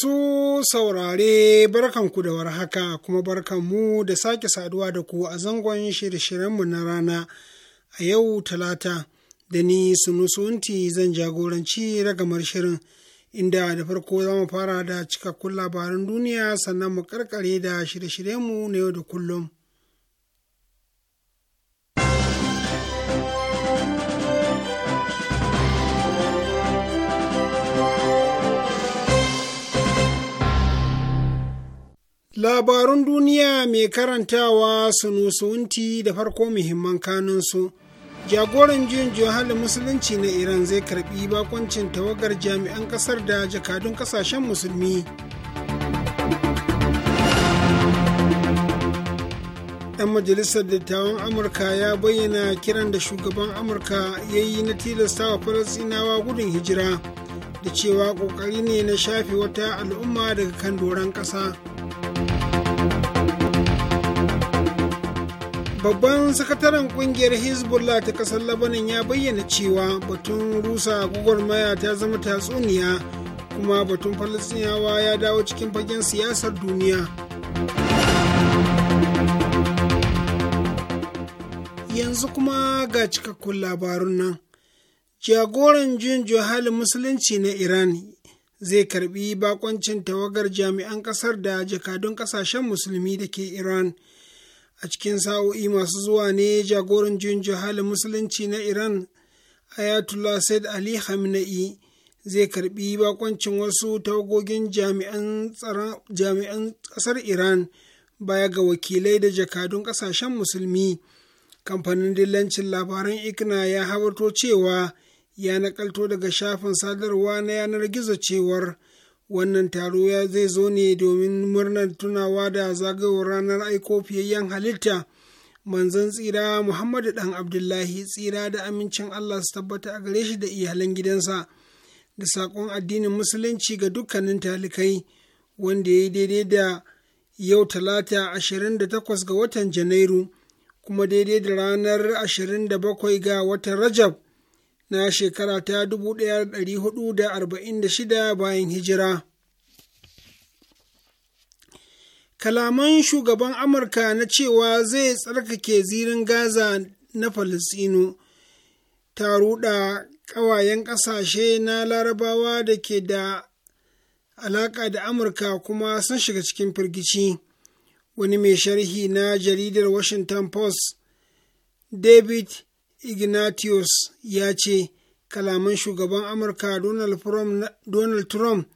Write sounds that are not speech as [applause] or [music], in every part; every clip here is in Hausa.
Masu saurare barkanku da warhaka kuma barkanmu da sake saduwa da ku a zangon shirye-shiryenmu na rana a yau talata da ni sunusunti zan jagoranci ragamar shirin inda da farko za mu fara da cikakkun labaran duniya sannan mu karkare da shirye-shiryenmu na yau da kullum. Labarun duniya mai karantawa sunusunti da farko muhimman kanunsu. Jagoran juyin halin musulunci na Iran zai karbi bakoncin tawagar jami'an kasar da jakadun kasashen musulmi. Ɗan majalisar dattawan Amurka ya bayyana kiran da shugaban Amurka ya yi na tilasta tilastawa Falasinawa gudun hijira da cewa ƙoƙari ne na shafe wata al'umma daga kan doron ƙasa. babban sakataren kungiyar hezbollah ta kasar labanin ya bayyana cewa batun rusa maya ta zama tatsuniya kuma batun falastinawa ya dawo cikin fagen siyasar duniya yanzu kuma ga cikakkun labarun nan jagoran jin halin musulunci na iran zai karbi bakoncin tawagar jami'an kasar da jakadun kasashen musulmi da ke iran a cikin sa'o'i masu zuwa ne jagoran juyin halin musulunci na iran ayatollah said ali hamna'i zai karbi bakoncin wasu tawagogin jami'an kasar iran baya ga wakilai da jakadun kasashen musulmi kamfanin dillancin labaran ikna ya habarto cewa ya nakalto daga shafin sadarwa na yanar gizo cewar wannan taro ya zai zo ne domin murnar tunawa da zagayowar ranar aiko fiyayyen halitta manzon tsira muhammadu dan abdullahi tsira da amincin allah su tabbata a gare shi da iyalan gidansa da saƙon addinin musulunci ga dukkanin talikai wanda ya yi daidai da yau talata 28 ga watan janairu kuma daidai da ranar 27 ga watan rajab na shekara ta 1446 bayan hijira. Kalaman shugaban Amurka na cewa zai tsarkake zirin Gaza na Falisino ta ruɗa ƙawayen ƙasashe na larabawa da ke da alaƙa da Amurka kuma sun shiga cikin firgici. Wani mai sharhi na jaridar Washington Post, David ignatius ya ce kalaman shugaban amurka donald trump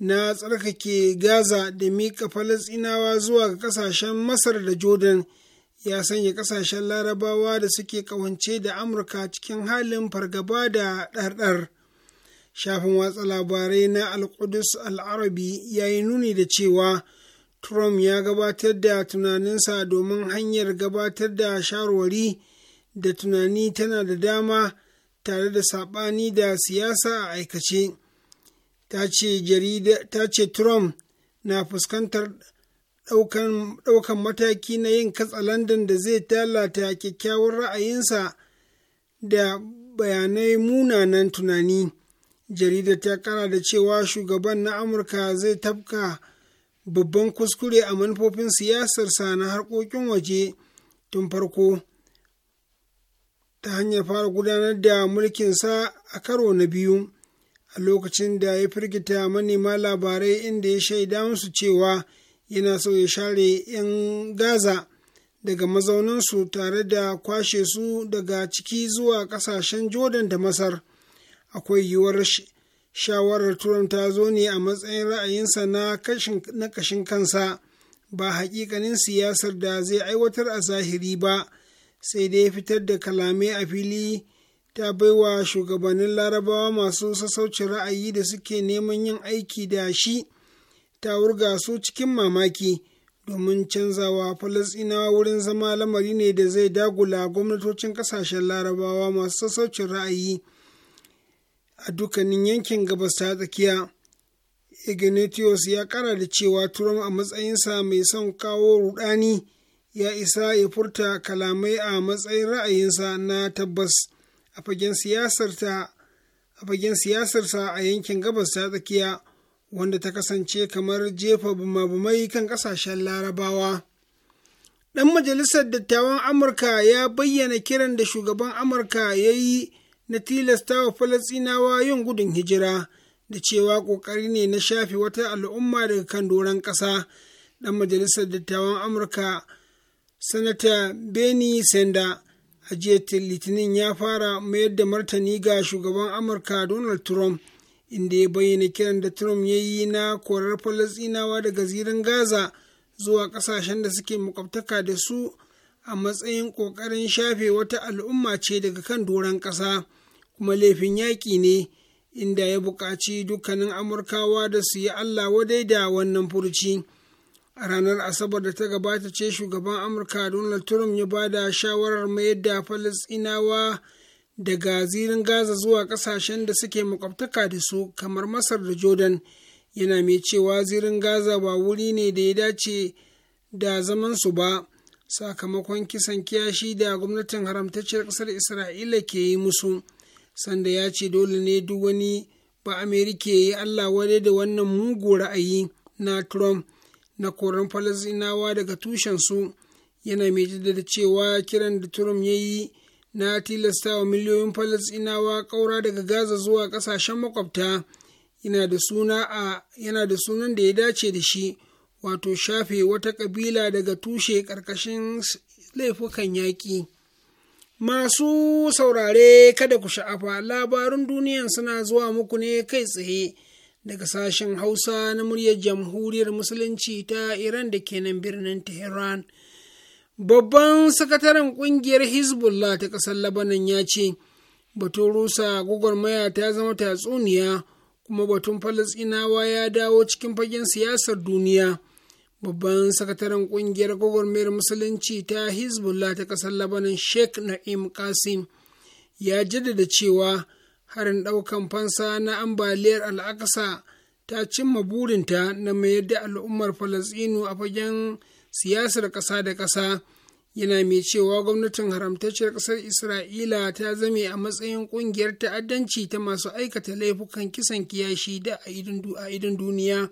na tsarkake gaza da miƙa falasinawa zuwa ga ƙasashen masar da jordan ya sanya ƙasashen larabawa da suke ƙawance da amurka cikin halin fargaba da ɗarɗar shafin watsa labarai na alƙudus al'arabi ya yi nuni da cewa trump ya gabatar da tunaninsa domin hanyar gabatar da shawarwari da tunani tana da dama tare da saɓani da siyasa a aikace ta ce trump na fuskantar ɗaukan mataki na yin katsalandan da zai talata kyakkyawar ra'ayinsa da bayanai munanan tunani jarida ta kara da cewa shugaban na amurka zai tafka babban kuskure a manufofin siyasarsa na harkokin waje tun farko ta hanyar fara gudanar da mulkinsa a karo na biyu a lokacin da ya firgita manema labarai inda ya shaida musu cewa yana so ya share 'yan gaza daga mazauninsu tare da kwashe su daga ciki zuwa kasashen jordan da masar akwai yiwuwar shawarar turan ta zo ne a matsayin ra'ayinsa na kashin kansa ba haƙiƙanin siyasar da zai aiwatar a zahiri ba. sai dai fitar da kalamai a fili ta baiwa shugabannin larabawa masu sassaucin ra'ayi da suke neman yin aiki da shi ta wurga su cikin mamaki domin canzawa falasɗinawa wurin zama lamari ne da zai dagula gwamnatocin kasashen larabawa masu sassaucin ra'ayi a dukkanin yankin gabas ta tsakiya ignatius ya kara da cewa turam a matsayinsa mai son kawo rudani ya isa ya furta kalamai a matsayin ra'ayinsa na tabbas a fagen siyasarsa a yankin gabas ta tsakiya wanda ta kasance kamar jefa bumabumai kan kasashen larabawa ɗan majalisar dattawan amurka ya bayyana kiran da shugaban amurka ya yi na tilasta wa falasinawa yin gudun hijira da cewa ƙoƙari ne na shafi wata al'umma daga kan doron ƙasa ɗan majalisar dattawan amurka sanata benny senda a jiya litinin ya fara mayar da martani ga shugaban amurka donald trump inda ya bayyana kiran da trump ya yi na korar falasinawa daga zirin gaza zuwa kasashen da suke makwabtaka da su a matsayin kokarin shafe wata al'umma ce daga kan doron ƙasa kuma laifin yaƙi ne inda ya buƙaci dukkanin amurkawa da su yi allah wadai da wannan furuci a ranar asabar da ta gabata ce shugaban amurka donald trump ya ba da shawarar mayar da falisinawa daga zirin gaza zuwa kasashen da suke makwabtaka da su kamar masar da jordan yana mai cewa zirin gaza ba wuri ne da ya dace da zamansu ba sakamakon kisan kiyashi da gwamnatin haramtacciyar ƙasar isra'ila ke yi musu sanda ya ce dole ne duk wani ba amerika ya yi allah wadai da wannan mugu ra'ayi na trump na koran falasinawa daga tushensu yana mai jaddada cewa kiran da turum ya yi na tilasta wa miliyoyin falasinawa ƙaura daga gaza zuwa ƙasashen makwabta yana da sunan da ya dace da shi wato shafe wata ƙabila daga tushe ƙarƙashin laifukan yaƙi masu saurare kada ku sha'afa labarun duniyan suna zuwa muku ne kai tsaye daga sashen Hausa na muryar Jamhuriyar Musulunci ta Iran da ke nan birnin Tehran. Babban sakataren ƙungiyar Hezbollah ta ƙasar Labanan ya ce, Batun Rusa gwagwarmaya ta zama tatsuniya, kuma batun Falasɗinawa ya dawo cikin fagen siyasar duniya. Babban sakataren ƙungiyar gwagwarmayar Musulunci ta Hezbollah ta ƙasar Labanan Sheikh Na'im Qasim ya jaddada cewa. harin ɗaukan fansa na ambaliyar al'aƙasa ta cimma burinta na mayar da al'ummar falasinu a fagen siyasar ƙasa da ƙasa yana mai cewa gwamnatin haramtacciyar ƙasar isra'ila ta zame a matsayin ƙungiyar ta'addanci ta masu aikata laifukan kisan kiyashi da a idin duniya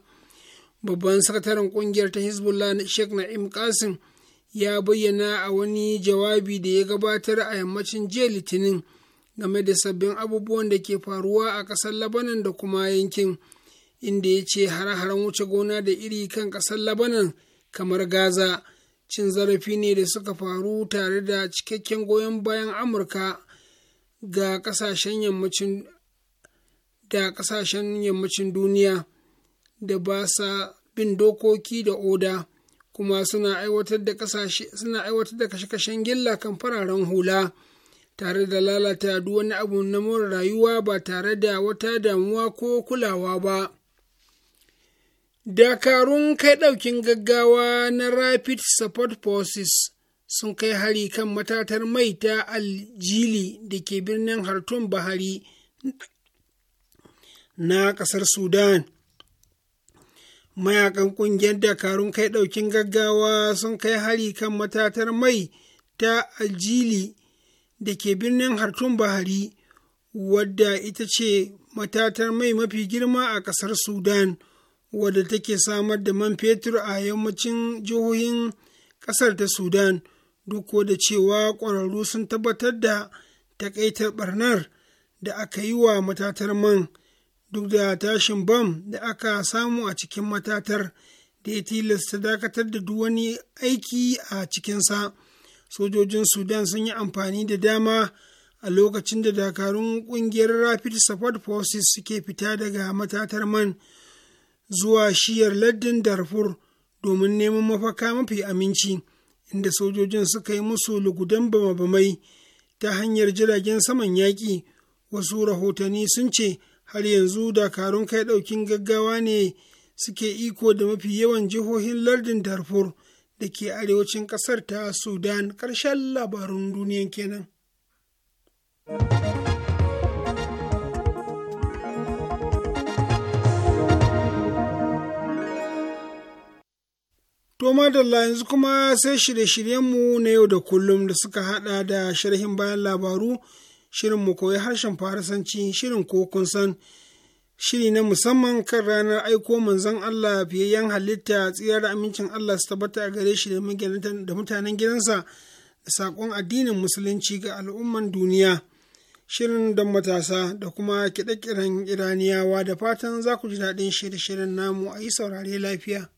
babban sakataren ƙungiyar ta hezbollah na sheikh na'im qasim ya bayyana a wani jawabi da ya gabatar a yammacin jiya litinin game da sabbin abubuwan da ke faruwa a ƙasar labanan da kuma yankin inda ya ce hare-haren wuce gona da iri kan ƙasar labanan kamar gaza cin zarafi ne da suka faru tare da cikakken goyon bayan amurka ga ƙasashen yammacin da ƙasashen yammacin duniya da ba sa bin dokoki da oda kuma suna aiwatar da kashe-kashen gilla kan fararen hula. tare da lalata duk wani abu na more rayuwa ba tare da wata damuwa ko kulawa ba. Dakarun kai ɗaukin gaggawa na Rapid Support Forces sun kai hari kan matatar mai ta Aljili da ke birnin Hartun Bahari na ƙasar Sudan. Mayakan ƙungiyar dakarun kai ɗaukin gaggawa sun kai hari kan matatar mai ta Aljili da ke birnin hartun bahari wadda ita ce matatar mai mafi girma a ƙasar sudan wadda take samar da man fetur a yammacin jihohin ƙasar ta sudan duk da cewa ƙwararru sun tabbatar da takaitar barnar da aka yi wa matatar man duk da tashin bam da aka samu a cikin matatar da ya tilasta dakatar da duk wani aiki a cikinsa. sojojin sudan sun yi amfani da dama a lokacin da dakarun kungiyar rapid support forces suke fita daga matatar man zuwa shiyar lardin darfur domin neman mafaka mafi aminci inda sojojin suka yi musu lugudan bama-bamai ta hanyar jiragen saman yaƙi wasu rahotanni sun ce har yanzu dakarun kai ɗaukin gaggawa ne suke iko da mafi yawan jihohin lardin darfur da ke arewacin ƙasar ta Sudan karshen labarun duniyan kenan. Toma da yanzu kuma sai shirye-shiryenmu na yau da kullum da suka hada da sharhin bayan labaru, shirin mu koyi harshen farasanci, shirin ko kun san. shiri na musamman kan ranar aiko manzon Allah fiyayyen halitta tsira amincin Allah su tabbata a gare shi da mutanen gidansa da saƙon addinin musulunci ga al'umman duniya shirin don matasa da kuma kiɗe-kiɗen iraniyawa da fatan za ku ji daɗin shirye-shiryen namu a yi saurare lafiya.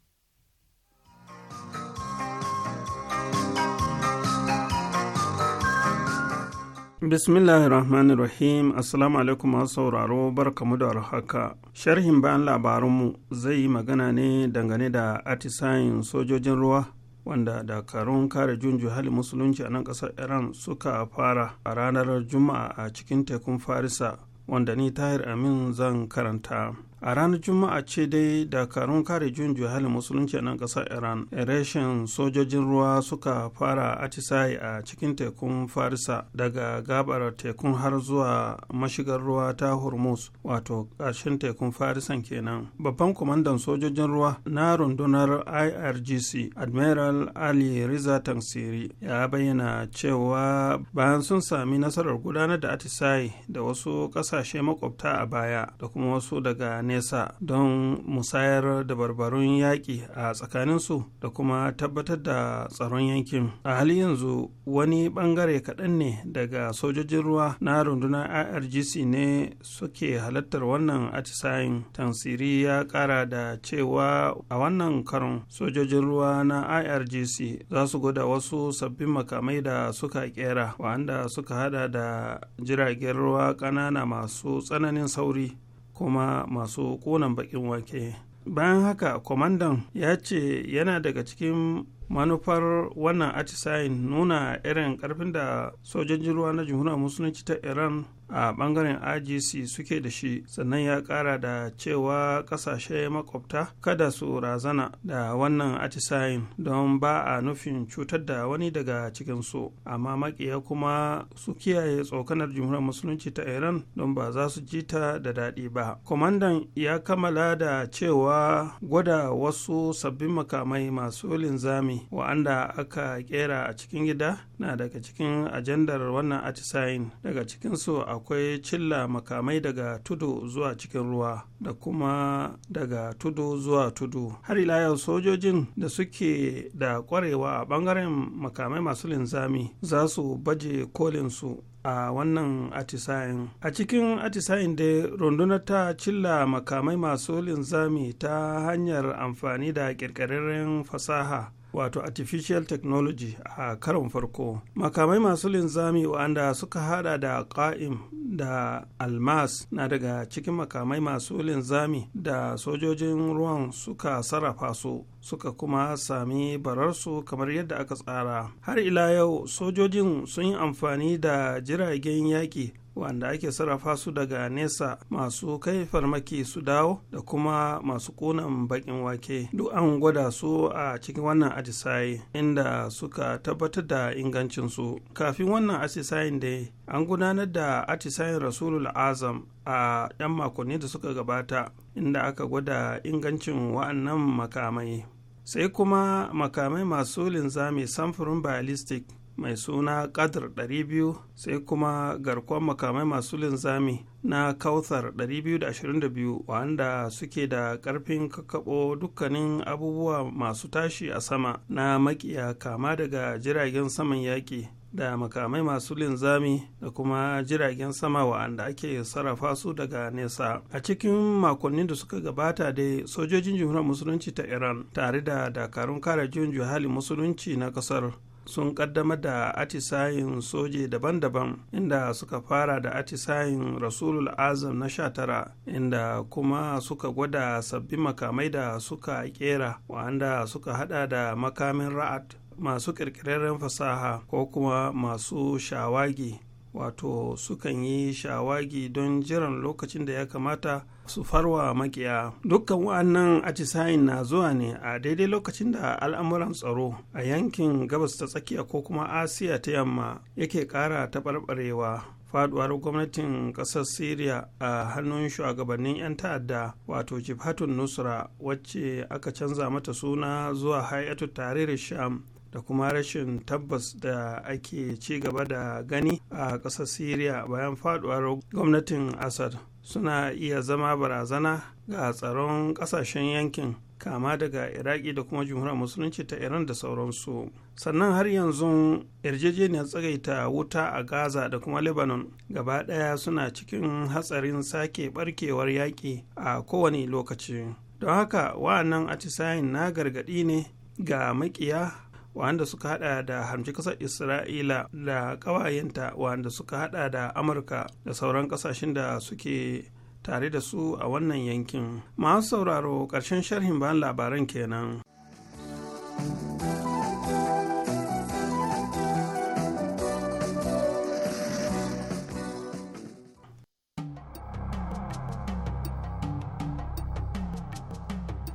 Bismillahir Rahmanir Rahim Assalamu alaikum masu sauraro barkamu da haka. Sharhin bayan labarunmu zai yi magana ne dangane da atisayin sojojin ruwa wanda dakarun kare junju hali musulunci a nan ƙasar Iran suka fara a ranar Juma'a a cikin tekun Farisa wanda ni Tahir Amin zan karanta. a ranar juma'a ce dai dakarun kare juyin juhalin musulunci nan ƙasar iran reshen sojojin ruwa suka fara atisaye a cikin tekun farisa daga gabar tekun har zuwa mashigar ruwa ta hormuz wato ƙarshen tekun farisan kenan babban kwamandan sojojin ruwa na rundunar irgc admiral ali riza tansiri ya bayyana cewa bayan sun sami nasarar gudanar da atisaye da wasu ƙasashe makwabta a baya da kuma wasu daga nesa don musayar da barbarun yaƙi a tsakaninsu da kuma tabbatar da tsaron yankin a halin yanzu wani ɓangare kaɗan ne daga sojojin ruwa na rundunar irgc ne suke halartar wannan atisayin tansiri ya ƙara da cewa a wannan karon sojojin ruwa na irgc za su gwada wasu sabbin makamai da suka kera wanda suka hada da jiragen ruwa ƙanana masu tsananin sauri kuma masu konan bakin wake bayan haka kwamandan ya ce yana daga cikin manufar wannan atisayin nuna irin karfin da sojojin ruwa na jamhuriyar musulunci ta iran a bangaren igc suke da shi sannan ya kara da cewa kasashe makwabta kada su razana da wannan atisayin don ba a nufin cutar da wani daga cikinsu amma makiya kuma su kiyaye tsokanar jamhuriyar musulunci ta iran don ba za su ji ta da daɗi ba kwamandan ya kammala da cewa gwada wasu sabbin makamai masu linzami ne wa'anda aka kera a cikin gida na daga cikin ajandar wannan atisayin daga cikinsu akwai cilla makamai daga tudu zuwa cikin ruwa da kuma daga tudu zuwa tudu har ila sojojin da suke da kwarewa a bangaren makamai masu linzami za su baje kolinsu a wannan atisayin a cikin atisayin dai rundunar ta cilla makamai masu linzami ta hanyar amfani da kirkirarren fasaha wato artificial technology a karon farko makamai masu linzami wanda suka hada da ƙa'im da almas na daga cikin makamai masu linzami da sojojin ruwan suka sarrafa su suka kuma sami bararsu kamar yadda aka tsara har ila yau sojojin sun yi amfani da jiragen yaƙi wanda ake sarrafa su daga nesa masu kai farmaki su dawo da kuma masu kunan bakin wake duk an gwada su a cikin wannan atisaye inda suka tabbatar da ingancinsu kafin wannan atisayen dai an gudanar da atisayen rasulul azam a 'yan makonni da suka gabata inda aka gwada ingancin wa'annan makamai sai kuma makamai masu linzami samfurin ballistic mai suna kadar 200 sai kuma garkuwar makamai masu linzami na kautar 222 wanda suke da karfin kakabo dukkanin abubuwa masu tashi a sama na makiya kama daga jiragen saman yaƙi da makamai masu linzami da kuma jiragen sama wa'anda ake sarrafa su daga nesa a cikin makonnin da suka gabata dai sojojin jamhuriyar musulunci ta iran tare da dakarun kare jihun juhali musulunci na kasar sun kaddamar da atisayin soje daban-daban inda suka fara da atisayin rasulul azam na sha tara, inda kuma suka gwada sabbin makamai da suka kera wa'anda suka hada da makamin ra'ad masu kirkirarren fasaha ko kuma masu shawagi wato sukan yi shawagi don jiran lokacin da ya kamata su farwa makiya dukkan wa'annan atisayin na zuwa ne a daidai lokacin da al'amuran tsaro a yankin gabas ta tsakiya ko kuma asiya ta yamma yake ƙara taɓarɓarewa faduwar gwamnatin ƙasar syria a hannun shugabannin 'yan ta'adda wato jibhatun nusra wacce aka canza mata suna zuwa hayatu tarihin sham da kuma rashin tabbas da ake ci gaba da gani a ƙasar syria bayan faduwar gwamnatin assad suna iya zama barazana ga tsaron ƙasashen yankin kama daga iraki da kuma jamhuriyar musulunci ta iran da sauransu sannan har yanzu yarjejeniyar tsagaita wuta a gaza da kuma lebanon gaba ɗaya suna cikin hatsarin sake barkewar yaƙi a kowane lokaci don haka wa'annan atisayin na gargaɗi ne ga makiya wanda suka hada da hamci kasar isra'ila da ƙawayenta wanda suka hada da amurka da sauran ƙasashen da suke tare da su a wannan yankin masu sauraro ƙarshen sharhin bayan labaran kenan.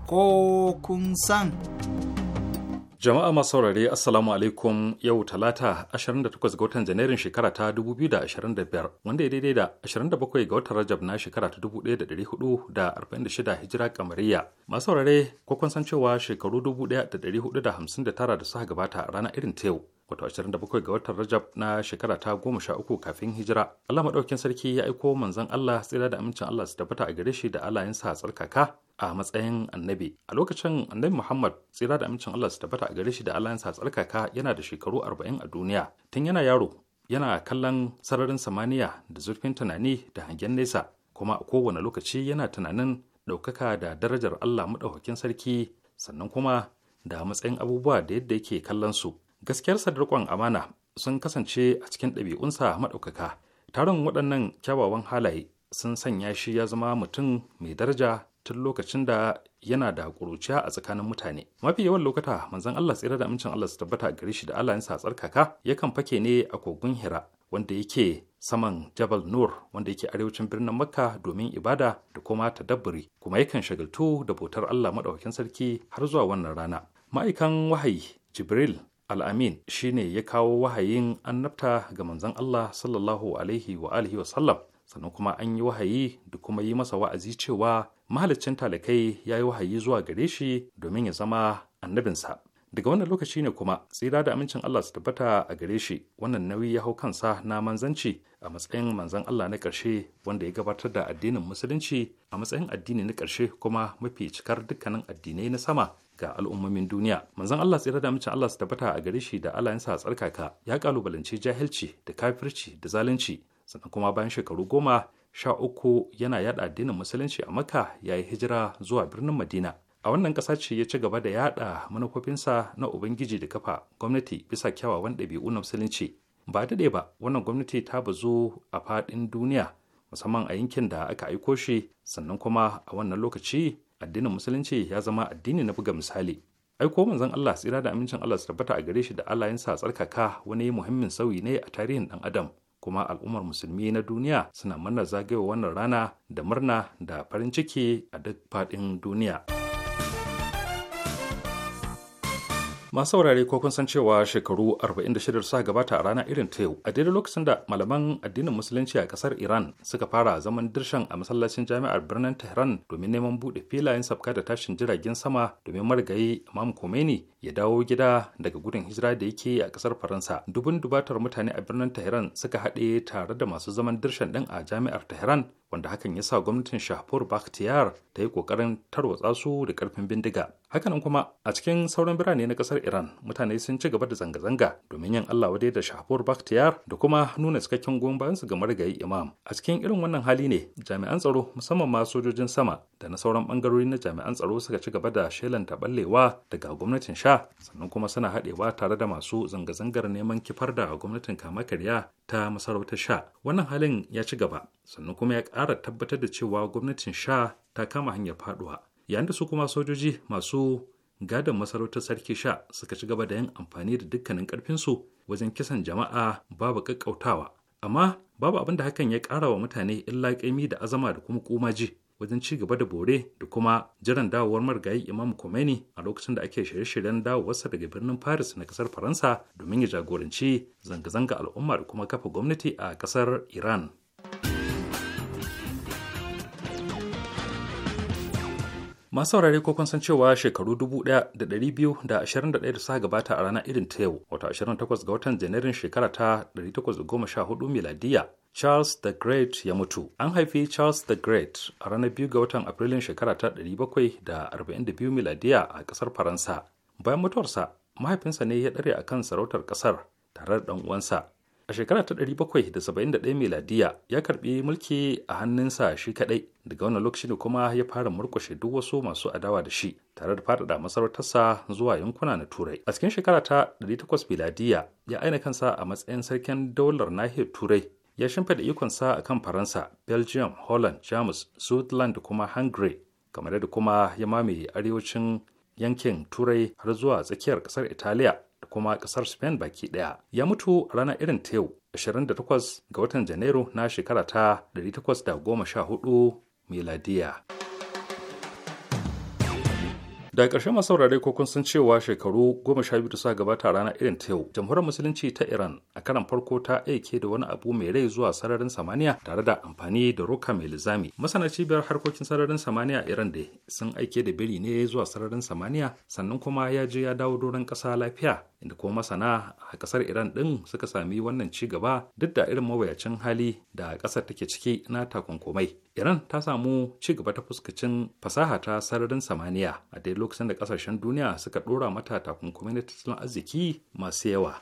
ko kun san. Jama'a masu saurare Assalamu alaikum yau Talata 28 ga watan Janairun shekara ta 2025 wanda ya daidai da 27 ga watan Rajab na shekara ta 1446 Hijira kamariya. Masu saurare kwakwan san cewa shekaru 1459 da suka gabata a rana irin ta yau. wato 27 ga watan Rajab na shekara ta goma sha uku kafin hijira. Allah maɗaukin sarki ya aiko manzon Allah tsira da amincin Allah su tabbata a gare shi da alayensa a tsarkaka a matsayin annabi. A lokacin annabi Muhammad tsira da amincin Allah su tabbata a gare shi da alayensa a tsarkaka yana da shekaru arba'in a duniya. Tun yana yaro yana kallon sararin samaniya da zurfin tunani da hangen nesa kuma a kowane lokaci yana tunanin ɗaukaka da darajar Allah maɗaukin sarki sannan kuma da matsayin abubuwa da yadda yake kallon su gaskiyarsa da amana sun kasance a cikin ɗabi'unsa maɗaukaka Taron waɗannan kyawawan halaye sun sanya shi ya zama mutum mai daraja tun lokacin da yana da ƙuruciya a tsakanin mutane mafi yawan lokata manzon Allah tsira da amincin Allah su tabbata a gare shi da Allah sa tsarkaka yakan fake ne a kogon Hira wanda yake saman Jabal Nur wanda yake arewacin birnin Makka domin ibada da kuma tadabburi kuma yakan shagaltu da bautar Allah madaukakin sarki har zuwa wannan rana ma'aikan wahayi Jibril al'amin ne ya kawo wahayin annabta ga manzon Allah sallallahu alaihi wa alihi wa sannan kuma an yi wahayi da kuma yi masa wa'azi cewa mahaliccin talakai ya yi wahayi zuwa gare shi domin ya zama annabinsa daga wannan lokaci ne kuma tsira da amincin Allah su tabbata a gare shi wannan nauyi ya hau kansa na manzanci a matsayin manzan Allah na ƙarshe wanda ya gabatar da addinin musulunci a matsayin addini na ƙarshe kuma mafi cikar dukkanin addinai na sama ga al'ummomin duniya manzon Allah tsira da mace Allah su tabbata a gare shi da Allah a tsarkaka ya kalubalance jahilci da kafirci da zalunci sannan kuma bayan shekaru goma sha uku yana yada addinin musulunci a makka ya yi hijira zuwa birnin madina a wannan ƙasa ce ya ci gaba da yada manufofinsa na ubangiji da kafa gwamnati bisa kyawawan ɗabi'u na musulunci ba daɗe ba wannan gwamnati ta bazu a faɗin duniya musamman a yankin da aka aiko shi sannan kuma a wannan lokaci addinin musulunci ya zama addini na buga misali ai ko manzon Allah tsira da amincin Allah su tabbata a gare shi da Allah sa tsarkaka wani muhimmin sauyi ne a tarihin dan adam kuma al'ummar musulmi na duniya suna murnar zagayowa wannan rana da murna da farin ciki a duk faɗin duniya. masu saurare ko kun san cewa shekaru 46 suka gabata a rana irin ta yau a daidai lokacin da malaman addinin musulunci a kasar iran suka fara zaman dirshan a masallacin jami'ar birnin tehran domin neman bude filayen sabka da tashin jiragen sama domin marigayi imam khomeini ya dawo gida daga gudun hijira da yake a kasar faransa dubun dubatar mutane a birnin tehran suka haɗe tare da masu zaman dirshan ɗin a jami'ar tehran wanda hakan ya sa gwamnatin shahpur bakhtiyar ta yi kokarin tarwatsa su da karfin bindiga hakanan kuma a cikin sauran birane na kasar iran mutane sun ci gaba da zanga-zanga domin yin allah wadai da shahpur bakhtiyar da kuma nuna cikakken goyon bayan su ga marigayi imam a cikin irin wannan hali ne jami'an tsaro musamman ma sojojin sama da na sauran bangarori na jami'an tsaro suka ci gaba da shelanta ballewa daga gwamnatin sha sannan kuma suna haɗewa tare da masu zanga-zangar neman kifar da gwamnatin kama karya ta masarautar sha wannan halin ya ci gaba sannan kuma ya ƙara tabbatar da cewa gwamnatin sha ta kama hanyar faduwa yayin da su kuma sojoji masu gadon masarautar sarki sha suka ci gaba da yin amfani da dukkanin ƙarfinsu wajen kisan jama'a babu ƙaƙƙautawa amma babu abin da hakan ya ƙara wa mutane illa ƙaimi da azama da kuma ƙumaji wajen ci gaba da bore da kuma jiran dawowar marigayi imam Khomeini a lokacin da ake shirye-shiryen dawowarsa daga birnin Paris na kasar Faransa domin ya jagoranci zanga-zanga al'umma da kuma kafa gwamnati a kasar Iran. masu saurare ko kun san cewa shekaru 1221 da ashirin da da ɗaya suka gabata a rana irin ta yau wato 28 ga watan janairun shekara ta 1814 miladiya Charles the Great ya mutu. An haifi Charles the Great a ranar biyu ga watan Afrilun shekara ta 742 miladiya a ƙasar Faransa. Bayan mutuwarsa, mahaifinsa ne ya ɗare a kan sarautar ƙasar tare da ɗan uwansa a shekarar ta 771 miladiya ya karbi mulki a hannunsa shi kadai daga wannan lokaci ne kuma ya fara murkushe duk wasu masu adawa da shi tare da faɗaɗa masarautarsa zuwa yankuna na turai a cikin shekara ta 800 miladiya ya aina kansa a matsayin sarkin daular nahiyar turai ya shimfida ikonsa a kan faransa belgium holland jamus switzerland da kuma hungary kamar da kuma ya mamaye arewacin yankin turai har zuwa tsakiyar kasar italiya da kuma kasar Spain baki daya. Ya mutu a ranar irin ta yau 28 ga watan Janairu na shekara ta 1814 miladiya. da ƙarshe masu saurare ko kun san cewa shekaru goma sha biyu da suka gabata rana irin ta yau jamhuriyar musulunci ta iran a karan farko ta aike da wani abu mai rai zuwa sararin samaniya tare da amfani da roka mai lizami masana cibiyar harkokin sararin samaniya iran da sun aike da biri ne zuwa sararin samaniya sannan kuma ya je ya dawo doron ƙasa lafiya inda kuma masana a ƙasar iran ɗin suka sami wannan ci gaba duk da irin mawuyacin hali da ƙasar take ciki na takunkumai iran ta samu ci gaba ta fuskacin fasaha ta sararin samaniya a dai lokacin da kasashen duniya suka dora mata takunkumin tattalin arziki masu yawa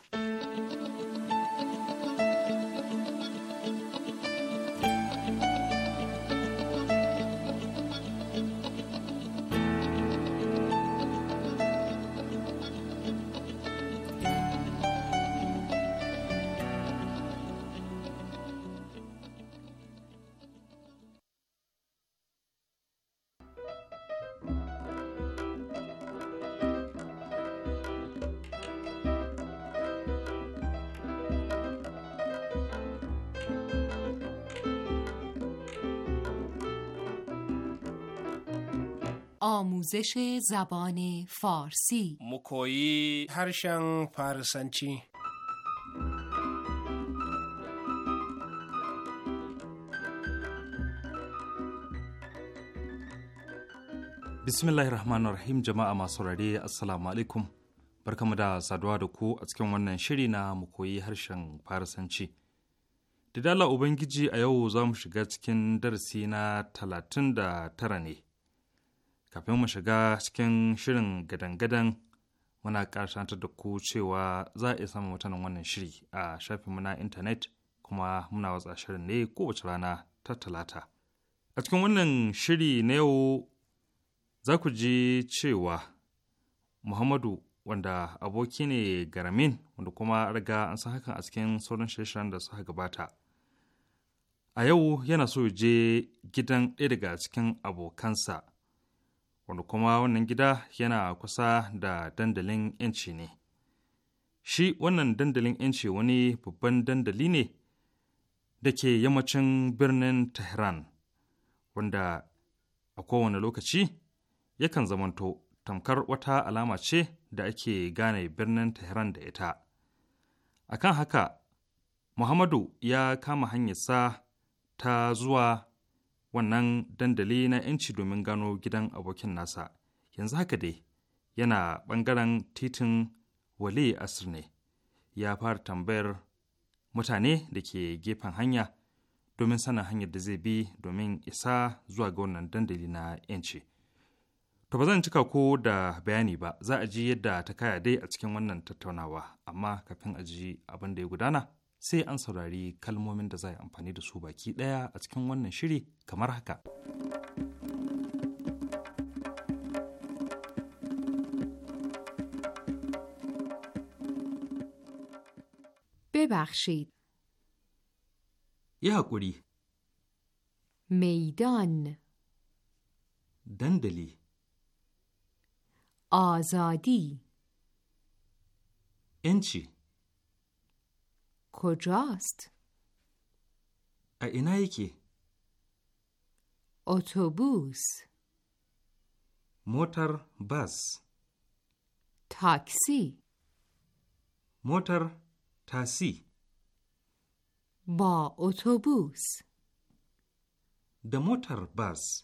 آموزش زبان فارسی koyi هرشن فارسنچی Bismillahir Rahmanir Rahim jama'a masu rare Assalamu alaikum. Barkamu da saduwa da ku a cikin wannan shiri na mu koyi harshen Farisanci. Didala Ubangiji a yau za mu shiga cikin darasi na talatin da tara ne. kafin mu shiga cikin shirin gadan-gadan muna karsanta da ku cewa za a iya samun mutanen wannan shiri a shafinmu na intanet kuma muna watsa shirin ne kowace rana ta talata a cikin wannan shiri na yau za ku ji cewa muhammadu wanda aboki ne garamin wanda kuma riga an san hakan a cikin sauran shirye da suka gabata a yau yana so je gidan ɗaya daga cikin abokansa wanda kuma wannan gida yana kusa da dandalin 'yanci ne. Shi wannan dandalin 'yanci wani babban dandali ne da ke yammacin birnin Tehran, wanda a kowane lokaci yakan zamanto tamkar wata alama ce da ake gane birnin Tehran da ita. Akan haka, Muhammadu ya kama hanyarsa ta zuwa wannan dandali na 'yanci domin gano gidan abokin nasa yanzu haka dai yana bangaren titin wali asir ne ya fara tambayar mutane da ke gefen hanya domin sanin hanyar da zai bi domin isa zuwa ga wannan dandali na 'yanci to ba zan cika ko da bayani ba za a ji yadda ta kaya dai a cikin wannan tattaunawa amma kafin a ji abin da ya gudana sai an saurari kalmomin da za a yi amfani da su baki ɗaya a cikin wannan shiri kamar haka. ببخشید یه حقوری میدان دندلی آزادی انچی کجاست؟ اینا یکی اتوبوس موتر بس تاکسی موتر تاسی با اتوبوس د موتر بس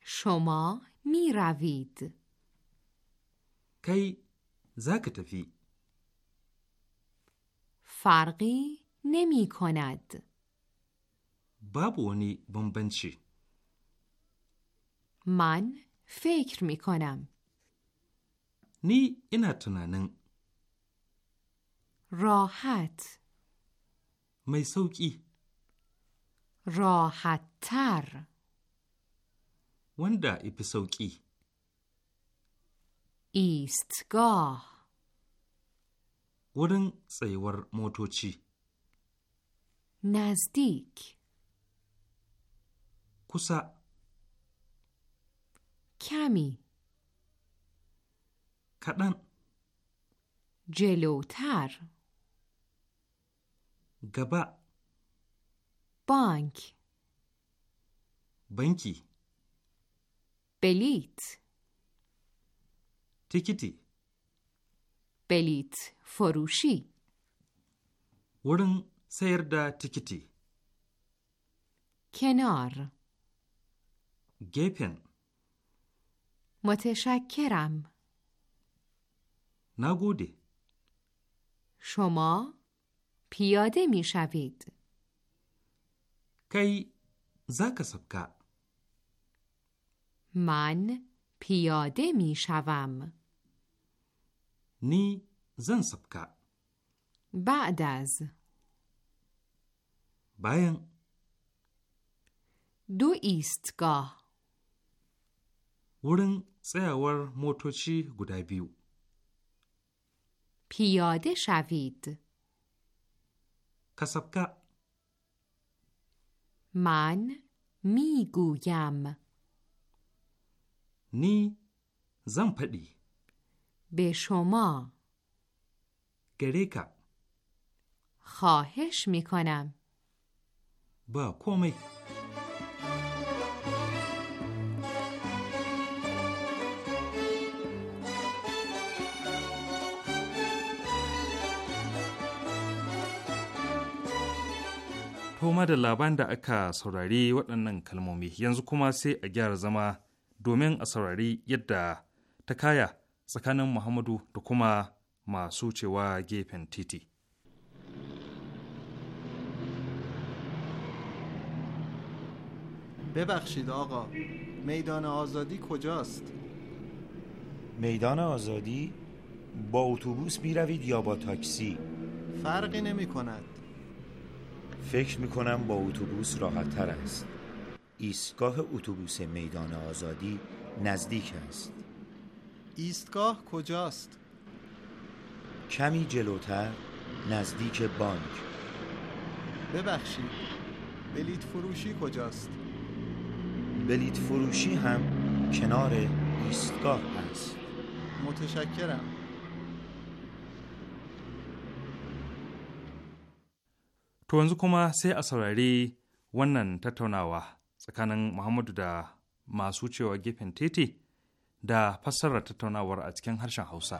شما می روید کی زاک تفی فرقی نمی کند بابونی ونی من فکر می کنم نی اینا راحت می سوکی راحت تر وندا ای سوکی ایستگاه wurin tsayuwar motoci. Nazdik Kusa Kyami Kaɗan Jelotar Gaba Bank Banki Belit Tikiti Belit فروشی ورن سیر دا تیکیتی کنار گیپن متشکرم نگودی شما پیاده می شوید کی زاک سبکا من پیاده می شوم نی زن سبکه بعد از باین دو ایستگاه ورن تسایاور موتوچی گودا بیو پیاده شوید کسبکه من میگویم نی زن پدی به شما gare ka خواهش میکنم با کومی koma da laban da aka saurari waɗannan kalmomi yanzu kuma sai a gyara zama domin a saurari yadda ta kaya tsakanin Muhammadu da kuma masu cewa gefen titi. ببخشید آقا میدان آزادی کجاست؟ میدان آزادی با اتوبوس میروید یا با تاکسی؟ فرقی نمی کند فکر می کنم با اتوبوس راحت تر است ایستگاه اتوبوس میدان آزادی نزدیک است ایستگاه کجاست؟ کمی جلوتر نزدیک بانک ببخشید بلیت فروشی کجاست؟ بلیت فروشی هم کنار ایستگاه است متشکرم To yanzu kuma sai a saurari wannan tattaunawa tsakanin Muhammadu da masu cewa gefen titi da fassarar tattaunawar a cikin harshen Hausa.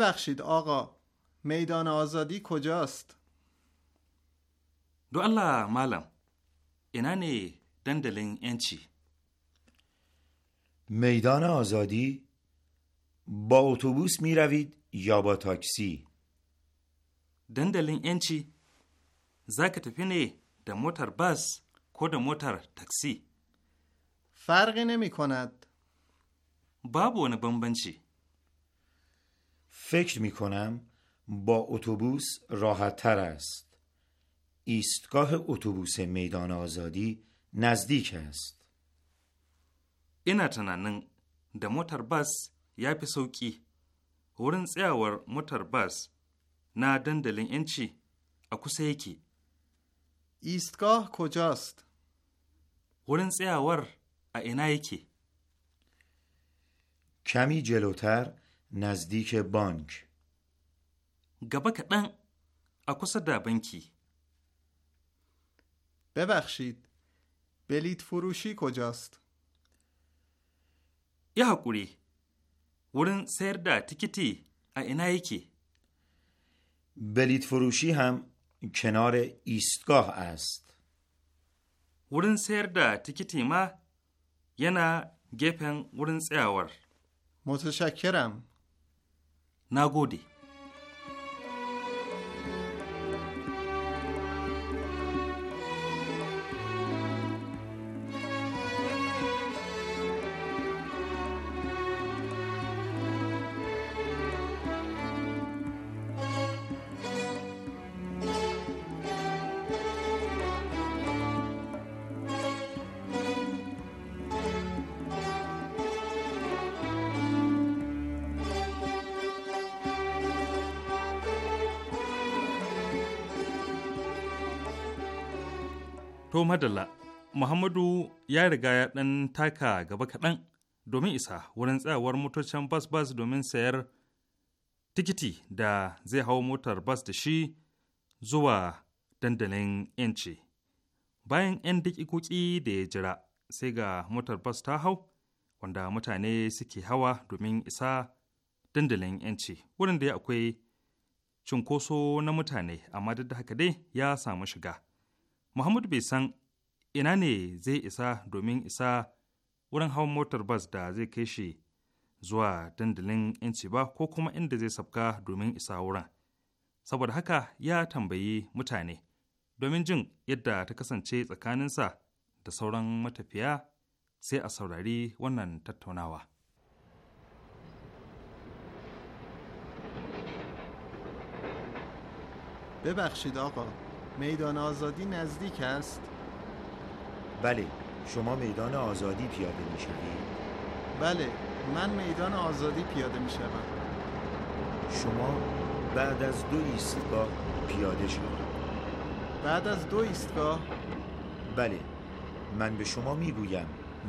ببخشید آقا میدان آزادی کجاست؟ دو الله مالم اینا نه دندلین انچی میدان آزادی با اتوبوس می روید یا با تاکسی دندلین انچی زکت پینه ده موتر بس کو موتر تاکسی فرقی نمی کند بابون بمبنچی فکر می کنم با اتوبوس راحت تر است. ایستگاه اتوبوس میدان آزادی نزدیک است. اینا تنانن ده موتر بس یا پسوکی ورن سیاور موتر بس نا دندلین انچی اکو سیکی ایستگاه کجاست؟ ورن سیاور اینا یکی کمی جلوتر نزدیک بانک گبا کدن اکوس دا بانکی ببخشید بلیت فروشی کجاست؟ یه حکوری ورن سیر دا تیکتی اینایی کی؟ بلیت فروشی هم کنار ایستگاه است ورن سیر دا تیکتی ما یه گپن ورن سیاور متشکرم Na gode. To madalla, Muhammadu ya riga ya ɗan taka gaba kaɗan domin isa wurin tsayawar motocin bas-bas domin sayar tikiti da zai hau motar bas da shi zuwa dandalin 'yanci. Bayan 'yan daƙiƙoƙi da ya jira, sai ga motar bas ta hau, wanda mutane suke hawa domin isa dandalin 'yanci, wurin da akwai cunkoso na mutane, amma duk da haka dai ya samu shiga. Muhammadu bai san ina ne zai isa domin isa wurin hawan motar bas da zai kai shi zuwa dandalin 'yanci ba ko kuma inda zai sabka domin isa wurin. Saboda haka ya tambayi mutane domin jin yadda ta kasance tsakaninsa da sauran matafiya sai a saurari wannan tattaunawa. ببخشید آقا میدان آزادی نزدیک است؟ بله شما میدان آزادی پیاده می بله من میدان آزادی پیاده می شما بعد از دو ایستگاه پیاده شوید بعد از دو ایستگاه؟ بله من به شما می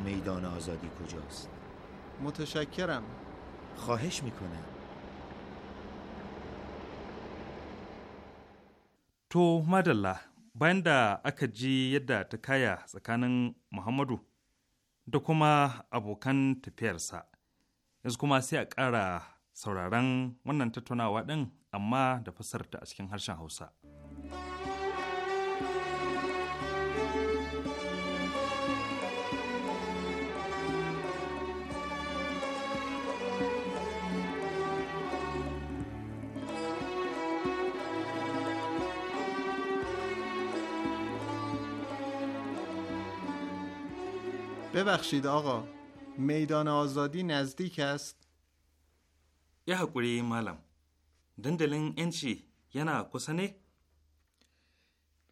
میدان آزادی کجاست متشکرم خواهش می کنم To madalla bayan da aka ji yadda ta kaya tsakanin Muhammadu da kuma abokan tafiyarsa, yanzu kuma sai a ƙara sauraron wannan tattaunawa ɗin amma da fasarta a cikin harshen Hausa. ببخشید آقا میدان آزادی نزدیک است یه حکوری مالم دندلن انچی یعنی کسنه؟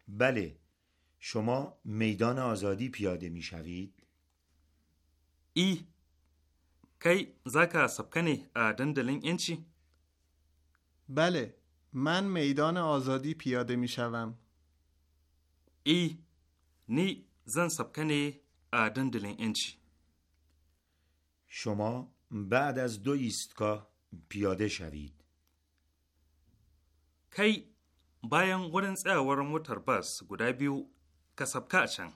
بله شما میدان آزادی پیاده می شوید؟ ای کی زکا سبکنه دندلین انچی؟ بله من میدان آزادی پیاده می شوم. ای نی زن سبکنه اردندلین انچی شما بعد از دو ایستگاه پیاده شوید کی باین ورن تساور موتر بس گودا بیو کسبکا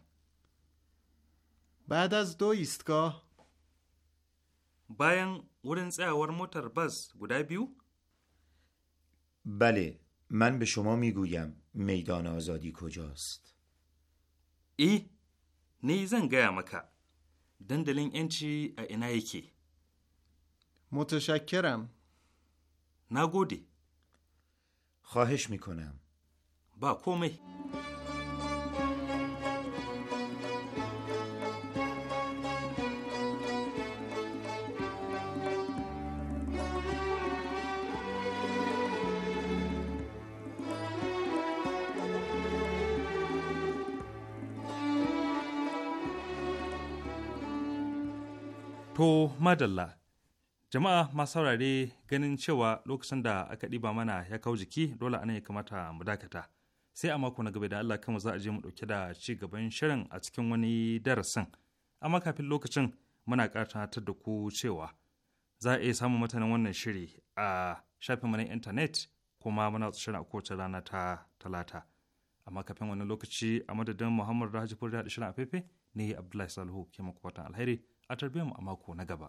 بعد از دو ایستگاه باین ورن تساور موتر بس گودا بله من به شما میگویم میدان آزادی کجاست ای Ni zan gaya maka dandalin ‘yanci a ina yake. Mutashakiram. Na gode. Khahish mikunam. Ba komai. ko madalla, jama'a masu saurare ganin cewa lokacin da aka ɗiba mana ya kawo jiki dole anan ya kamata mu dakata. Sai a mako na gaba da Allah kama za a je mu ɗauke da ci gaban shirin a cikin wani darasin. Amma kafin lokacin muna ƙarfatar da ku cewa za a iya samun matanin wannan shiri a shafin mana intanet kuma muna shirin a kowace rana ta talata. amma kafin wani lokaci a madadin muhammad rahaji da shirin afefe ne abdullahi salihu ke makwatan alheri a tarbiyyar a mako na gaba.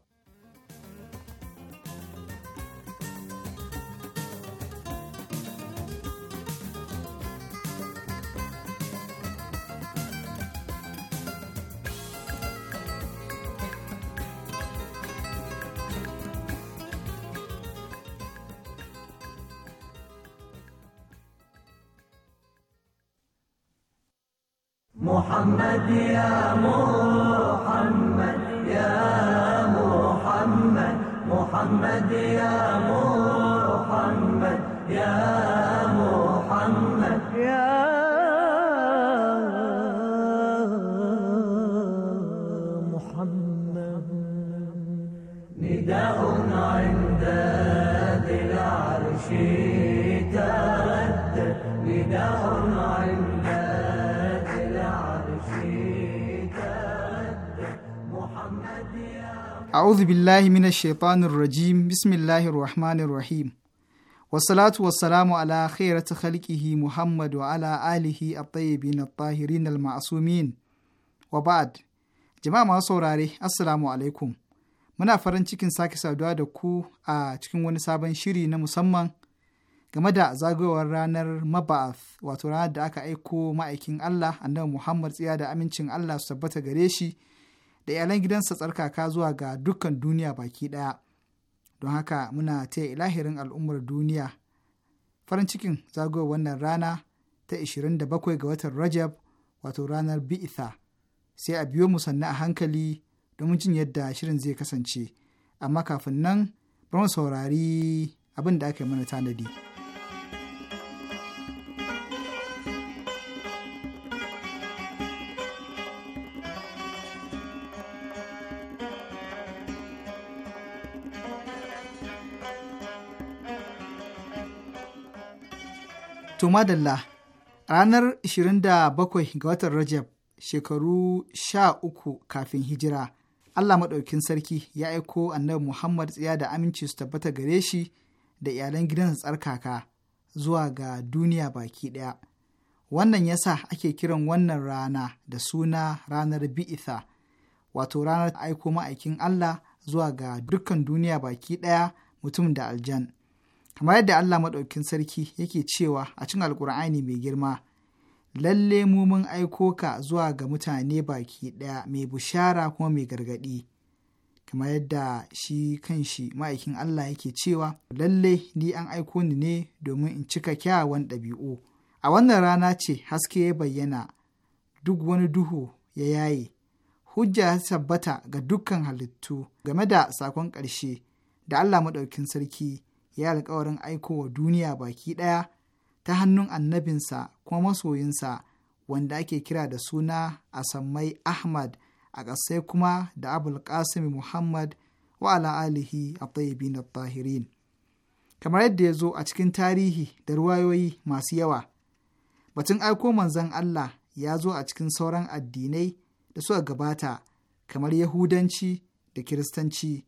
محمد يا A'udhu mina minash shaitanir rajim. Bismillahir rahmanir rahim. Wassalatu wassalamu ala khairati khalqihi Muhammad wa ala alihi at-tayyibin at-tahirin al-ma'sumin. Wa ba'ad. Jama'a masu saurare, Assalamu alaikum. Muna farin cikin sake saduwa da ku a cikin wani sabon shiri na musamman game da zagayowar ranar Maba'ath, wato ranar da aka aiko ma'aikin Allah, Annabi Muhammad tsiya da amincin Allah su tabbata gare shi. da iyalan gidansa tsarkaka zuwa ga dukkan duniya baki daya Don haka muna taya ilahirin al'ummar duniya farin cikin zagowar wannan rana ta 27 ga watan Rajab wato ranar bi'itha sai a biyo mu sannu a hankali domin jin yadda shirin zai kasance amma kafin nan bar mu saurari abin da aka yi mana tanadi. To madalla, ranar 27 ga watan Rajab shekaru sha uku kafin hijira, Allah maɗaukin sarki ya aiko annabi Muhammad tsiya da aminci su tabbata gare shi da iyalan gidan tsarkaka zuwa ga duniya baki ɗaya. Wannan yasa ake kiran wannan rana da suna ranar bi'itha, wato ranar aiko ma'aikin Allah zuwa ga dukkan duniya baki ɗaya mutum da aljan. kamar yadda Allah maɗaukin sarki yake cewa a cin alkur'ani mai girma lalle mu mun aiko ka zuwa ga mutane baki ɗaya mai bushara kuma mai gargaɗi kamar yadda shi kan shi ma'aikin Allah yake cewa lalle ni an aiko ni ne domin in cika kyawawan ɗabi'u a wannan rana ce haske ya bayyana duk wani duhu ya yaye hujja ya tabbata ga dukkan halittu game da sakon ƙarshe da Allah maɗaukin sarki ya alkawarin aikowa duniya baki ɗaya ta hannun annabinsa kuma masoyinsa wanda ake kira da suna a sammai ahmad a ƙasai kuma da abul ƙasimi muhammad wa ala alihi a tahirin kamar yadda ya zo a cikin tarihi da ruwayoyi masu yawa batun aiko manzon allah ya zo a cikin sauran addinai da suka gabata kamar yahudanci da kiristanci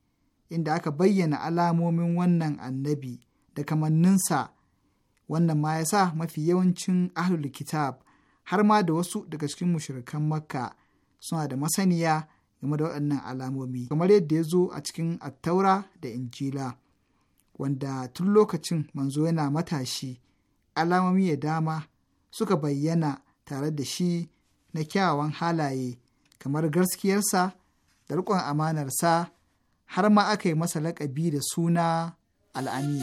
inda aka bayyana alamomin wannan annabi da kamanninsa wannan ma ya sa mafi yawancin ahlul kitab har ma da wasu daga cikin mushrikan makka suna da masaniya game da waɗannan alamomi kamar yadda ya zo a cikin attaura da injila wanda tun lokacin manzo yana matashi alamomi ya dama suka bayyana tare da shi na kyawawan halaye kamar gaskiyarsa da riƙon amanarsa har ma aka yi masa laƙabi da suna al'ani.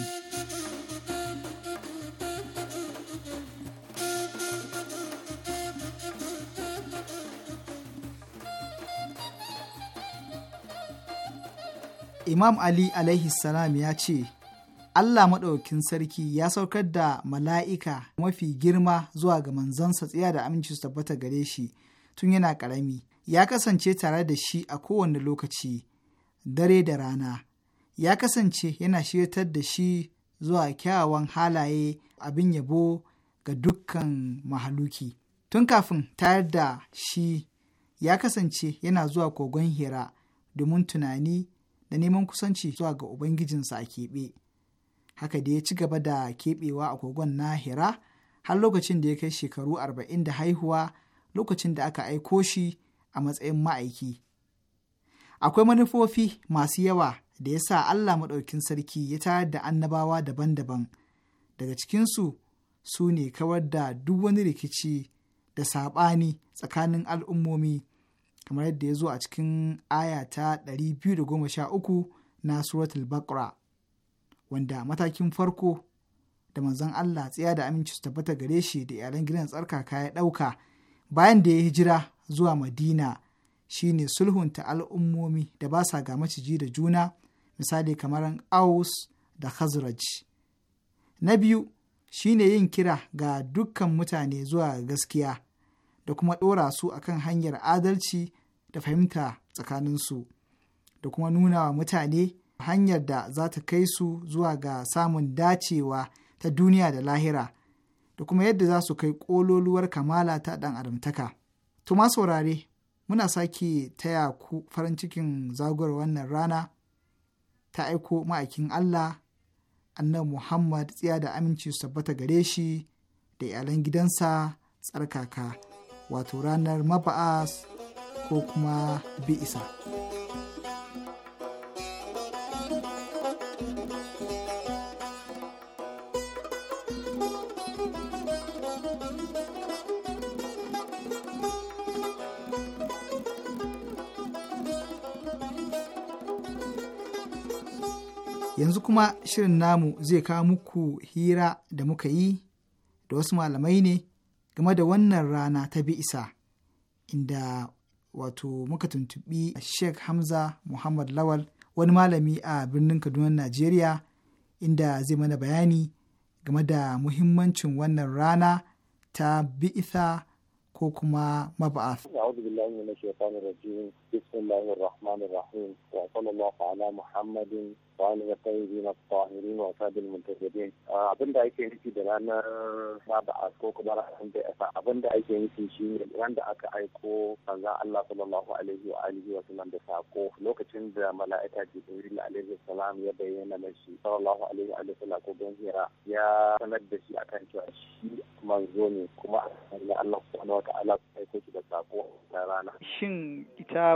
Imam Ali alaihi salam ya ce, Allah maɗaukin sarki ya saukar da mala'ika mafi girma zuwa ga manzansa tsiya da aminci su tabbata gare shi tun yana ƙarami, ya kasance tare da shi a kowane lokaci. dare da rana ya kasance yana shirtar da shi zuwa kyawawan halaye abin yabo ga dukkan mahaluki tun kafin tayar da shi ya kasance yana zuwa kogon hira domin tunani da neman kusanci zuwa ga ubangijinsa a keɓe haka da ya ci gaba da keɓewa a kogon na hira har lokacin da ya kai shekaru arba'in da haihuwa lokacin da aka aiko shi a matsayin ma'aiki akwai manufofi masu yawa da ya sa Allah maɗaukin sarki ya tayar da annabawa daban-daban daga cikinsu su ne kawar da duk wani rikici da saɓani tsakanin al'ummomi kamar yadda ya zo a cikin aya ta 213 na suratul bakra wanda matakin farko da manzon Allah tsaya da aminci su tabbata gare shi da iyalan gidan tsarkaka ya ɗauka bayan da ya hijira zuwa Madina shine sulhunta al'ummomi da ba sa ga maciji da juna misali kamar aus da khazraj na biyu shine yin kira ga dukkan mutane zuwa gaskiya da kuma ɗora su akan hanyar adalci da fahimta tsakaninsu da kuma nuna wa mutane hanyar da za ta kai su zuwa ga samun dacewa ta duniya da lahira da kuma yadda za su kai ƙololuwar kamala ta ɗan adamtaka. Tuma saurare muna sake taya ku farin cikin zagor wannan rana ta aiko ma'aikin Allah annabi Muhammad tsiya da aminci su tabbata gare shi da iyalan gidansa tsarkaka wato ranar maba'as ko kuma bi'isa. Yanzu kuma shirin namu zai kawo muku hira da muka yi da wasu malamai ne game da wannan rana ta bi'isa inda wato muka tuntuɓi Sheikh Hamza Muhammad Lawal wani malami a birnin Kaduna Najeriya inda zai mana bayani game da muhimmancin wannan rana ta bi'isa ko kuma maba'ath. بسم الله الرحمن الرحيم وصلى الله على محمد wani ya sai zina tsahiri wa sabin A abin da ake nufi da ranar saba'a ko kuma ranar da yasa abin da ake nufi shi ne ran da aka aiko manzon Allah sallallahu alaihi wa alihi wa sallam da sako lokacin da mala'ika Jibril alaihi salam ya bayyana mashi sallallahu alaihi wa sallam ko ban hira ya sanar da shi akan cewa shi manzo ne kuma wa shi rana shin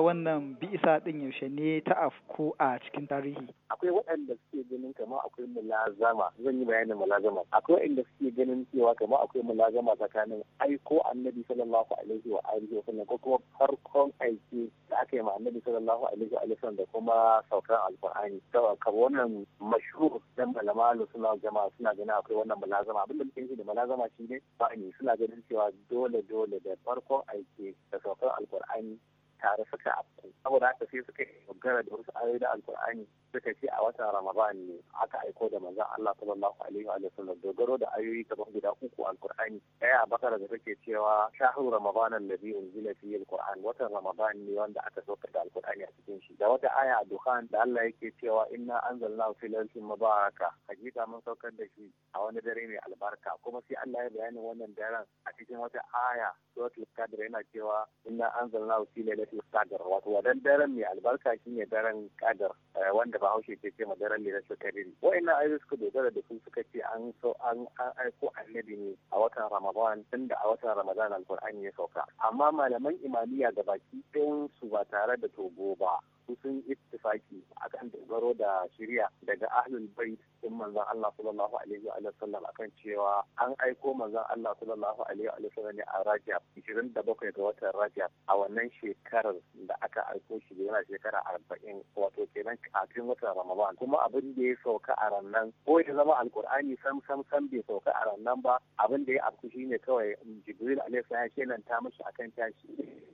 wannan bi'isa din yaushe ne ta afko a cikin tarihi akwai waɗanda suke ganin kamar akwai mulazama zan yi bayanin mulazama akwai waɗanda suke ganin cewa kamar akwai mulazama tsakanin aiko annabi sallallahu alaihi wa alihi wa sallam ko kuma farkon aiki da aka yi ma annabi sallallahu alaihi wa alihi da kuma saukar alqur'ani saboda wannan mashhur dan malama suna jama'a suna ganin akwai wannan mulazama abinda muke yi da mulazama shine ba ne suna ganin cewa dole dole da farkon aiki da saukan alqur'ani tare suka afku saboda haka sai suka dogara da wasu ayoyi da alkur'ani suka ce a watan ramadan ne aka aiko da manzon Allah sallallahu alaihi wa sallam dogaro da ayoyi kamar guda uku alqur'ani daya a bakara da take cewa shahru ramadan alladhi unzila fihi alqur'an watan ramadan ne wanda aka saukar da alqur'ani a cikin shi da wata aya a duhan da Allah yake cewa inna anzalnahu fi lailatin mubaraka hakika mun saukar da shi a wani dare mai albarka kuma sai Allah ya bayani wannan daren a cikin wata aya suratul qadr yana cewa inna anzalnahu fi lailatin qadr wato wannan daren mai albarka shine daren qadr eh, wanda da bahaushe ke ce madaran ne na shekariri wa'annan ayyuka suka dogara da su suka ce an so an aiko annabi ne a watan ramadan tunda a watan ramadan alkur'ani ya sauka amma malaman imaniya ga baki ɗayan su ba tare da togo ba su sun ittifaki kan dogaro da shirya daga ahlul bait din manzon Allah sallallahu alaihi wa sallam akan cewa an aiko manzon Allah sallallahu alaihi wa sallam ne a Rajab 27 ga watan Rajab a wannan shekarar da aka aiko shi yana shekara 40 wato kenan kafin watan Ramadan kuma abin da ya sauka a rannan ko ya zama alkur'ani sam sam sam bai sauka a rannan ba abin da ya afku shine kawai Jibril alaihi salam kenan ta mishi akan tashi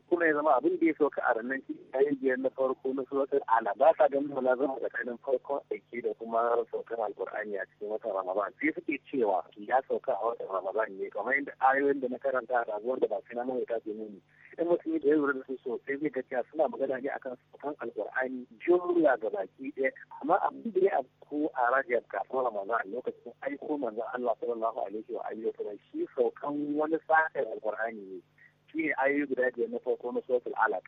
kuma ya zama abin da ya sauka a rannan shi ayyukan na farko na cikin ala ba sa zan mulazama tsakanin farkon aiki da kuma saukan alkur'ani a cikin watan ramadan sai suke cewa ya sauka a watan ramadan ne kamar yadda ayoyin da na karanta a raguwar da ba su na mai tafi nuni in mutum da ya lura da su sosai zai gaciya suna magana ne akan saukan alkur'ani jumla ga baki ɗaya amma abin da ya afku a rajiyar kafin ramadan lokacin aiko manzon Allah sallallahu alaihi wa alihi wa sallam shi saukan wani sa'ar alkur'ani ne shi ne ayoyi guda biyar na farko na suratul alaq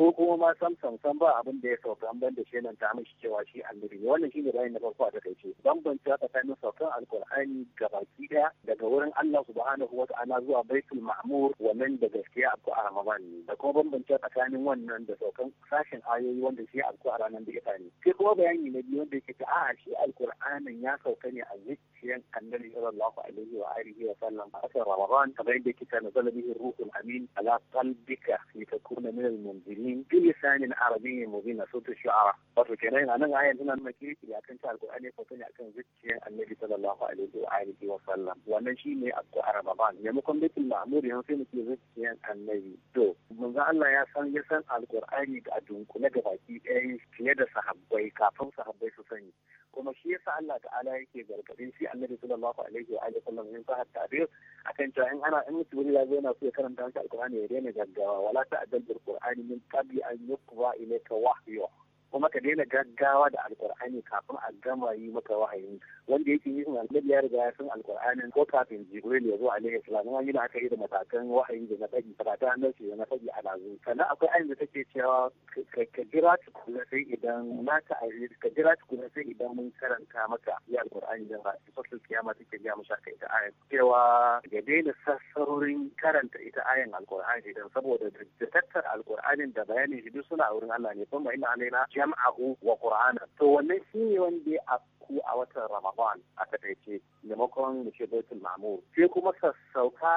ko kuma ma sam sam sam ba abin da ya sauka an ban da shenan ta mishi cewa shi annabi ne wannan shine bayani na farko a takaice bambanta tsakanin saukan alkur'ani gabaki daya daga wurin Allah subhanahu wa ta'ala zuwa baitul ma'mur wannan da gaskiya abu a ramadan da kuma bambanta tsakanin wannan da saukan sashen ayoyi wanda shi abu a ranar da ita ne sai kuma bayani na biyu wanda yake ta a shi alkur'anin ya sauka ne a zuciyan annabi sallallahu alaihi wa alihi wa sallam a ramadan kamar yadda yake ta nazala bihi ruhul amin ala qalbika litakuna min al min bilisanin arabiyyin mubin na Sauta shu'ara wato kenan a nan ayan tana nuna kirki akan ta qurani ko tana akan zuciyar annabi sallallahu alaihi wa alihi wa sallam wannan shine alqur'an babban maimakon baitul ma'mur yanzu sai muke zuciyar annabi to manzo Allah ya san ya san alqur'ani ga dunkule ga baki ɗaya fiye da sahabbai kafin sahabbai su sani kuma shi yasa Allah ta'ala yake gargadin shi annabi sallallahu alaihi wa alihi sallam yin sahab ta'bir akan cewa in ana in mutum ya zo yana so ya karanta shi alqur'ani ya daina gaggawa wala ta'addal bil qur'ani min qabli an yuqra ilayka wahyu kuma ka daina gaggawa da alkur'ani kafin a gama yi maka wahayi wanda yake yin annabi ya riga ya san alkur'ani ko kafin jibril ya zo alaihi salam an yi la'akari da matakan wahayi da na fadi ta hannun su na fadi a lazu sannan akwai ayin da take cewa ka jira tukuna sai idan na ka ka jira tukuna sai idan mun karanta maka ya alkur'ani da ba su fasul kiyama take ga musa ka ita ayin cewa ga daina sassarorin karanta ita ayin alkur'ani idan. saboda da tattar alkur'anin da bayanin shi duk suna a wurin Allah ne kuma ina alaina jam'ahu wa qur'ana to wannan shine wanda ya afku a watan ramadan a takaice maimakon da shi baitul ma'mur sai kuma sassauka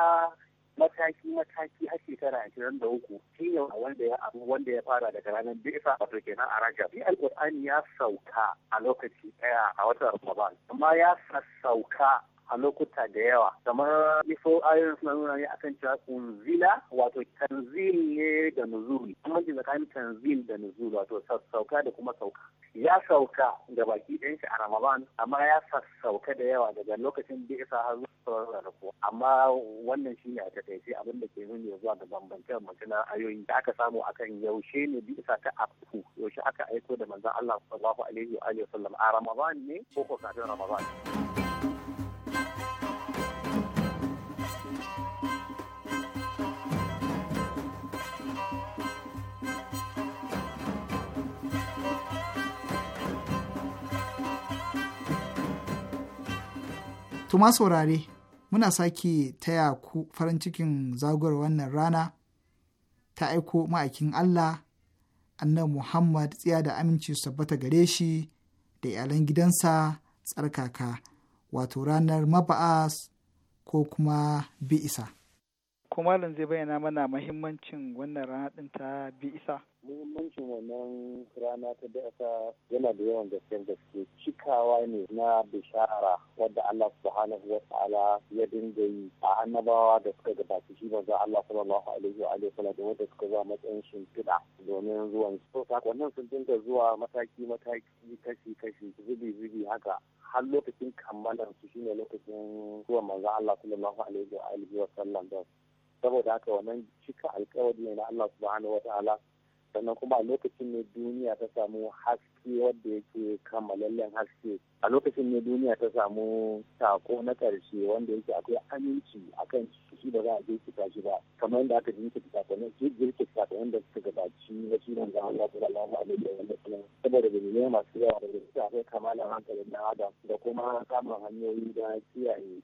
mataki mataki har shekara ashirin da uku shi wanda ya abu wanda ya fara daga ranar bisa wato kenan a rajab shi alkur'ani ya sauka a lokaci daya a watan ramadan amma ya sassauka a lokuta da yawa kamar ifo ayoyin suna nuna ne akan cewa wato tanzil ne da nuzuli bambanci tsakanin tanzil da nuzuri wato sassauka da kuma sauka ya sauka da baki ɗin shi a ramadan amma ya sassauka da yawa daga lokacin da isa har zuwa sauran amma wannan shi ne a takaice abin da ke nuni zuwa ga bambancin mutuna na ayoyi da aka samu akan yaushe ne bi isa ta afku yaushe aka aiko da manzon Allah sallallahu alaihi wa wa Sallam? a ramadan ne ko ko kafin ramadan To saurare, muna sake taya ku farin cikin zagor wannan rana ta aiko ma'aikin Allah, annabi Muhammad tsiya da aminci su tabbata gare shi da iyalan gidansa tsarkaka, wato ranar maba'as ko kuma bi'isa. Ko malam zai bayyana mana mahimmancin wannan rana ɗin ta bi'isa. muhimmancin wannan rana ta dasa yana da yawan gaske gaske cikawa ne na bishara wadda Allah subhanahu wa ta'ala ya dinga yi a annabawa da suka gabaci shi manzo Allah sallallahu alaihi wa alihi wasallam da wanda suka zama matsayin shimfiɗa domin zuwan so sakonnin sun dinga zuwa mataki mataki kashi kashi zubi zubi haka har lokacin kammalar su shine lokacin zuwan manzo Allah sallallahu alaihi wa alihi wasallam da saboda haka wannan cika alƙawari ne na Allah subhanahu wa ta'ala sannan kuma a lokacin ne duniya ta samu haske wadda yake kammalallen haske a lokacin ne duniya ta samu sako na karshe wanda yake akwai aminci akan shi da za a jirkita shi ba kamar yadda aka jirkita sakonin jirkita ko da suka gabaci na shi ne zama Allah a lokacin wanda sallam saboda dalilai masu yawa da suka akwai kamalan hankalin na adam da kuma samun hanyoyi da kiyaye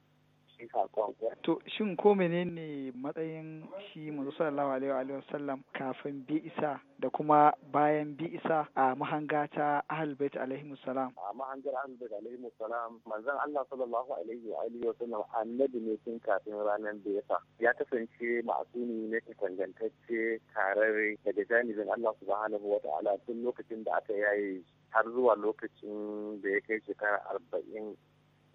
cikin saƙon. To shin ko menene matsayin shi manzo sallallahu alaihi wa sallam kafin bi isa da kuma bayan bi isa a mahanga ta ahlul bait alaihi salam. A mahangar ahlul bait alaihi salam manzon Allah sallallahu alaihi wa alihi wa sallam annabi ne tun kafin ranar da ya ya kasance ma'asumi ne ta tangantacce tarare da janibin Allah subhanahu wa ta'ala tun lokacin da aka yaye har zuwa lokacin da ya kai shekara arba'in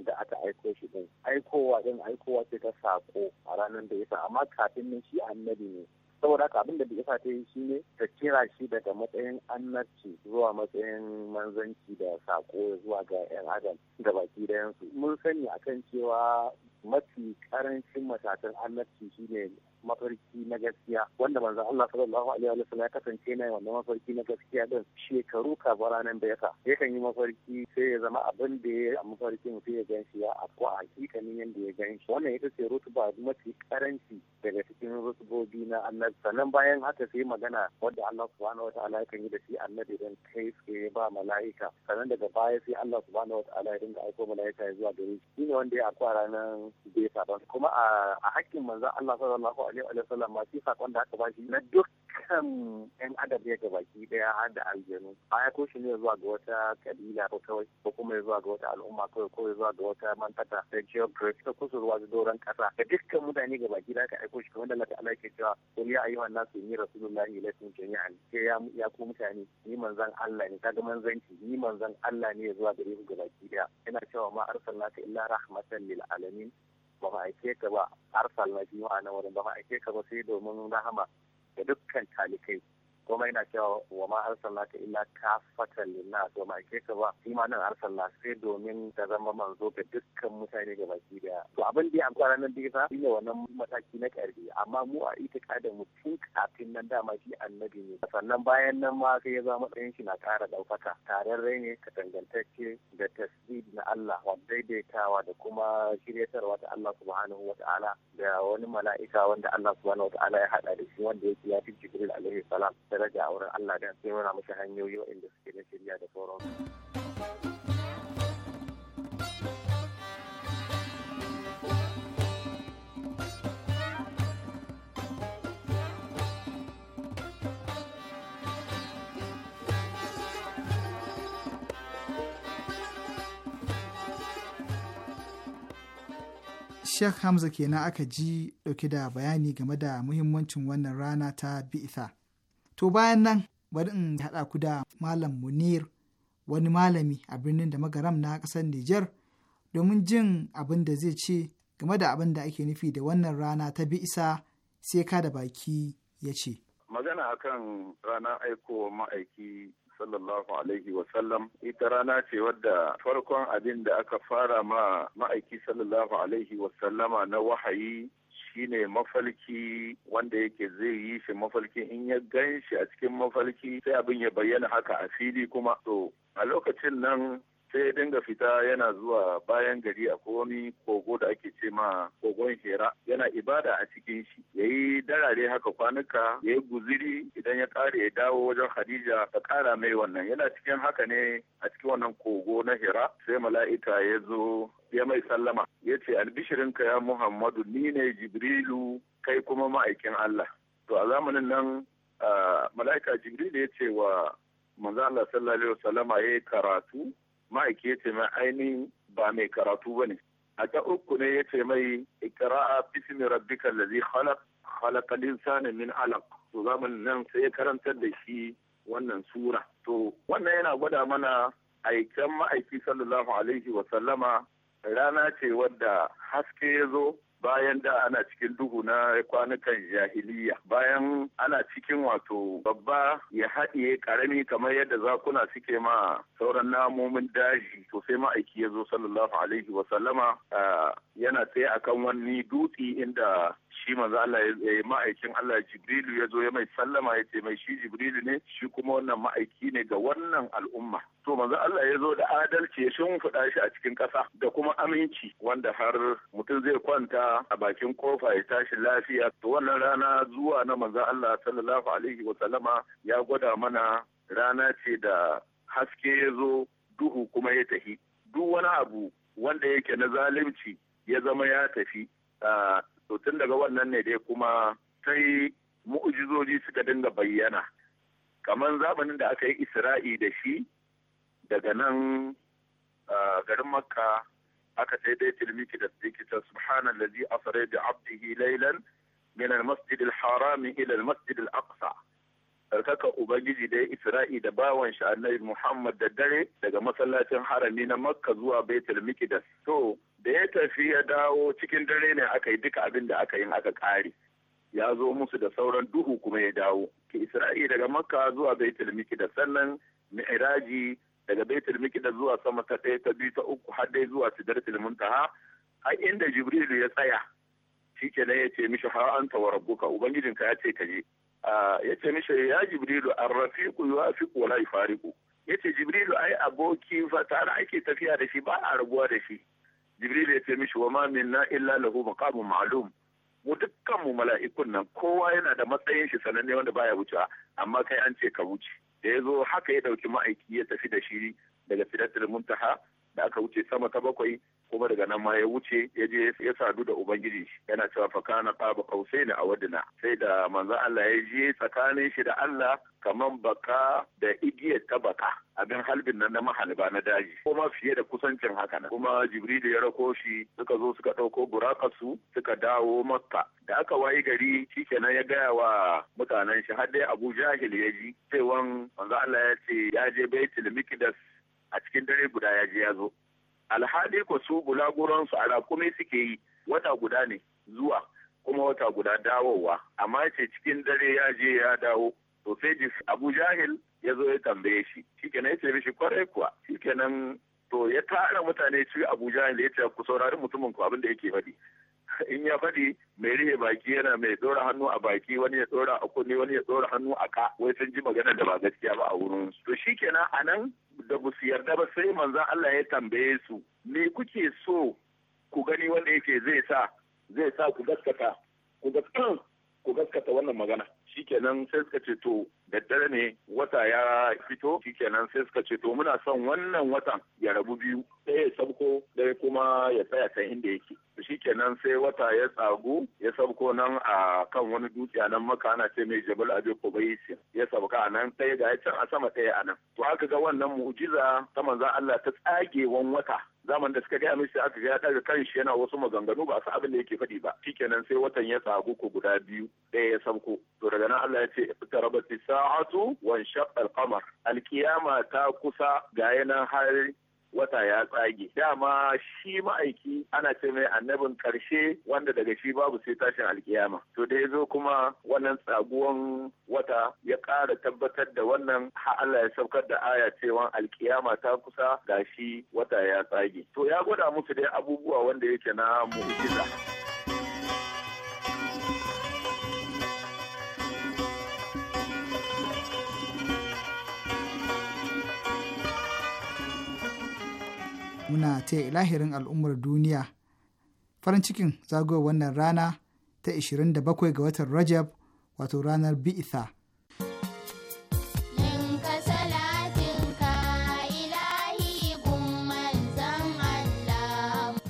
da aka aiko shi din aikowa din aikowa ce ta sako a ranar da isa amma kafin nan shi annabi ne saboda haka abin da bai isa ta yi shi ne ta kira shi daga matsayin annabci zuwa matsayin manzanci da sako zuwa ga yan adam da baki dayansu mun sani akan cewa mafi karancin matakan annabci shine mafarki na gaskiya wanda manzo Allah sallallahu alaihi wa sallam ya kasance na wannan mafarki na gaskiya din shekaru ka ranar da yasa yakan yi mafarki sai ya zama abin da ya a mafarki mutum ya gan shi ya afko a hakikanin yadda ya gan wannan ita ce rutuba mafi karanci daga cikin rutubobi na annabi sannan bayan haka sai magana wanda Allah subhanahu wataala yakan yi da shi annabi dan kai tsaye ba mala'ika sannan daga baya sai Allah subhanahu ta'ala ya dinga aiko mala'ika zuwa gare shi ne wanda ya afko a ranar bai saɓa kuma a hakkin manzan Allah sallallahu alaihi wa sallam ma shi saƙon da aka shi na duk kan 'yan adam ya gabaki daya har da aljanu a ya shi ne zuwa ga wata kabila ko kawai ko kuma zuwa ga wata al'umma kawai ko zuwa ga wata mantaka da geography ta kusurwa da doron kasa da dukkan mutane gabaki daya ka aiko shi kamar da laka ta'ala yake cewa ko ya wa nasu inni rasulullahi ilaykum jami'an ke ya ya ku mutane ni zan Allah ne kaga manzanci ni zan Allah ne zuwa gare ku gabaki daya yana cewa ma arsalnaka illa rahmatan lil alamin ba ma aike ka ba arsal na biyu a nan wurin ba ma aike ka ba sai domin rahama da dukkan talikai komai na cewa wa ma arsalnaka illa fata linnas a ma ke ka ba imanin na sai domin ta zama manzo ga dukkan mutane ga baki daya to abin da ya amfana nan sa. shine wannan mataki na ƙarfi amma mu a itikadin mu tun kafin nan dama shi annabi ne sannan bayan nan ma sai ya zama matsayin shi na ƙara ɗaukaka rai ne ka dangantacce da tasbid na Allah wa daidaitawa da kuma shiryatarwa ta Allah subhanahu wa ta'ala da wani mala'ika wanda Allah subhanahu wa ta'ala ya haɗa da shi wanda yake ya fi Jibril alaihi salam daraja a wurin Allah da sai nuna mishi hanyoyi waɗanda suke na shirya da sauransu. Sheikh Hamza kenan aka ji dauke da bayani game da muhimmancin wannan rana ta bi'itha. To bayan nan bari in haɗa ku da Malam Munir wani malami a birnin da magaram na ƙasar Nijar domin jin abin da zai ce game da abin da ake nufi da wannan rana ta bi isa sai ka da baki ya ce. Magana akan rana aiko ma'aiki sallallahu alaihi wasallam ita rana ce wadda farkon abin da aka fara ma ma'aiki sallallahu alaihi wasallama na wahayi shine mafalki wanda yake zai yi shi mafalki in ya gan shi a cikin mafalki sai abin ya bayyana haka a fili kuma to a lokacin nan sai dinga fita yana zuwa bayan gari a komi kogo da ake ce ma kogon hera yana ibada a cikin shi ya yi darare haka kwanuka ya yi guziri idan ya ƙare ya dawo wajen hadija ta ƙara mai wannan yana cikin haka ne a cikin wannan kogo na hira. sai mala'ika ya zo ya mai sallama ya ce albishirinka ya muhammadu ni ne jibrilu kai kuma ma'aikin allah to a zamanin nan mala'ika jibrilu ya ce wa manzo allah sallallahu alaihi wasallama ya karatu ma'aiki ya ce mai ainihin ba mai karatu ba ne a ta uku ne ya ce mai ikira'a bismi rabbika allazi khalaq khalaqa insana min alaq to zamanin nan sai ya karantar da shi wannan sura to wannan yana gwada mana aikan ma'aiki sallallahu alaihi wa sallama rana ce wadda haske ya zo bayan da ana cikin duhu na kwanukan jahiliya bayan ana cikin wato babba ya haɗiye karami kamar yadda zakuna suke ma sauran namomin daji to sai ma'aiki ya zo sallallahu alaihi wasallama yana tsaye akan wani dutse inda shi manzo Allah ya yi ma'aikin Allah Jibrilu ya zo ya mai sallama ya ce mai shi Jibrilu ne shi kuma wannan ma'aiki ne ga wannan al'umma to manzo Allah ya zo da adalci ya shimfiɗa shi a cikin ƙasa da kuma aminci wanda har mutum zai kwanta a bakin kofa ya tashi lafiya to wannan rana zuwa na manzo Allah sallallahu alaihi wa sallama ya gwada mana rana ce da haske ya zo duhu kuma ya tafi duk wani abu wanda yake na zalunci ya zama ya tafi to tun daga wannan ne dai kuma sai mu'ujizoji suka dinga bayyana kamar zamanin da aka yi isra'i da shi daga nan garin makka aka sai dai tilmiki da ta subhanan lazi asare da abdihi lailan min al-masjid al-harami ila al-masjid al-aqsa tsarkaka Ubangiji da ya Isra'i da bawan shi annabi Muhammad da dare daga masallacin harami na Makka zuwa Baitul Miqdas. To, da ya tafi ya dawo cikin dare ne aka yi duka abin da aka yi aka kare. Ya zo musu da sauran duhu kuma ya dawo. Ki Isra'i daga Makka zuwa Baitul Miqdas sannan Mi'raji daga Baitul Miqdas zuwa sama ta ɗaya ta biyu ta uku har dai zuwa Sidratul Muntaha. Har inda Jibrilu ya tsaya. Shi kenan ya ce mishi har an tawarabuka Ubangijinka ya ce ka je. Ah, yace mishi ya jibrilu arrafiqu rafiku wala ya fariku jibrilu ai aboki fa tare ake tafiya da shi ba a rabuwa da shi jibrilu ya ce mishi wa ma minna illa lahu maqamun ma'lum mu dukkan mu mala'ikun nan kowa yana da matsayin shi sananne wanda baya wucewa amma kai an ce ka wuce da yazo haka ya dauki ma'aiki ya tafi da shi daga fidatul muntaha da aka wuce sama ta bakwai kuma daga nan ma ya wuce ya je ya sadu da ubangiji yana cewa fakana qaba qausaini a wadina sai da manzo Allah ya je tsakanin shi da Allah kaman baka da igiyar ta baka abin halbin nan na mahalba na daji kuma fiye da kusancin haka nan kuma jibrilu ya rako shi suka zo suka ɗauko su suka dawo makka da aka wayi gari shikenan ya gaya wa mutanen shi har dai abu jahil ya ji wan manzo Allah ya ce ya je baitul miqdas a cikin dare guda ya je ya zo alhali ko su bulaguransu a rakumi suke yi wata guda ne zuwa kuma wata guda dawowa amma ce cikin dare ya je ya dawo to sai abu jahil ya zo ya tambaye shi kenan ya ce mishi kwarai kuwa shikenan to ya tara mutane ci abu jahil ya ce ku saurari mutumin ku abin da yake faɗi [laughs] in ya faɗi mai rihe baki yana mai ɗora hannu a baki wani ya ɗora a kunne wani ya ɗora hannu a ka wai sun ji magana da ba gaskiya ba a wurin to shikenan a nan da ba su yarda ba sai manzan Allah ya tambaye su me kuke so ku gani wanda yake zai sa ku gaskata wannan magana shikenan sai suka ce to daddare ne wata ya fito shikenan sai suka ce to muna son wannan watan ya rabu biyu ɗaya ya sabko ɗaya kuma ya tsaya kan inda yake shikenan sai wata ya tsagu ya sabko nan a kan wani dutse a nan maka ana ce mai jabal abu kubaisi ya sabka a nan ɗaya ga can a sama ɗaya a nan to aka ga wannan mu'jiza ta za Allah ta tsagewan wata zaman da suka gaya mishi aka ya daga shi yana wasu maganganu ba su abin da yake faɗi ba shikenan sai watan ya tsagu ko guda biyu ɗaya ya sauko to daga nan Allah ya ce iqtarabat sa'atu wan shaqqa al-qamar al-qiyama ta kusa ga yanan har wata ya tsage dama shi ma'aiki ana ce mai annabin karshe wanda daga shi babu sai tashin alkiyama to da ya zo kuma wannan tsaguwan wata ya ƙara tabbatar da wannan har Allah ya saukar da aya cewa alkiyama ta kusa ga shi wata ya tsage to ya gwada musu dai abubuwa wanda yake na mu'jiza muna taya lahirin al'ummar duniya farin cikin zagayowar wannan rana ta 27 ga watan rajab wato ranar bi'itha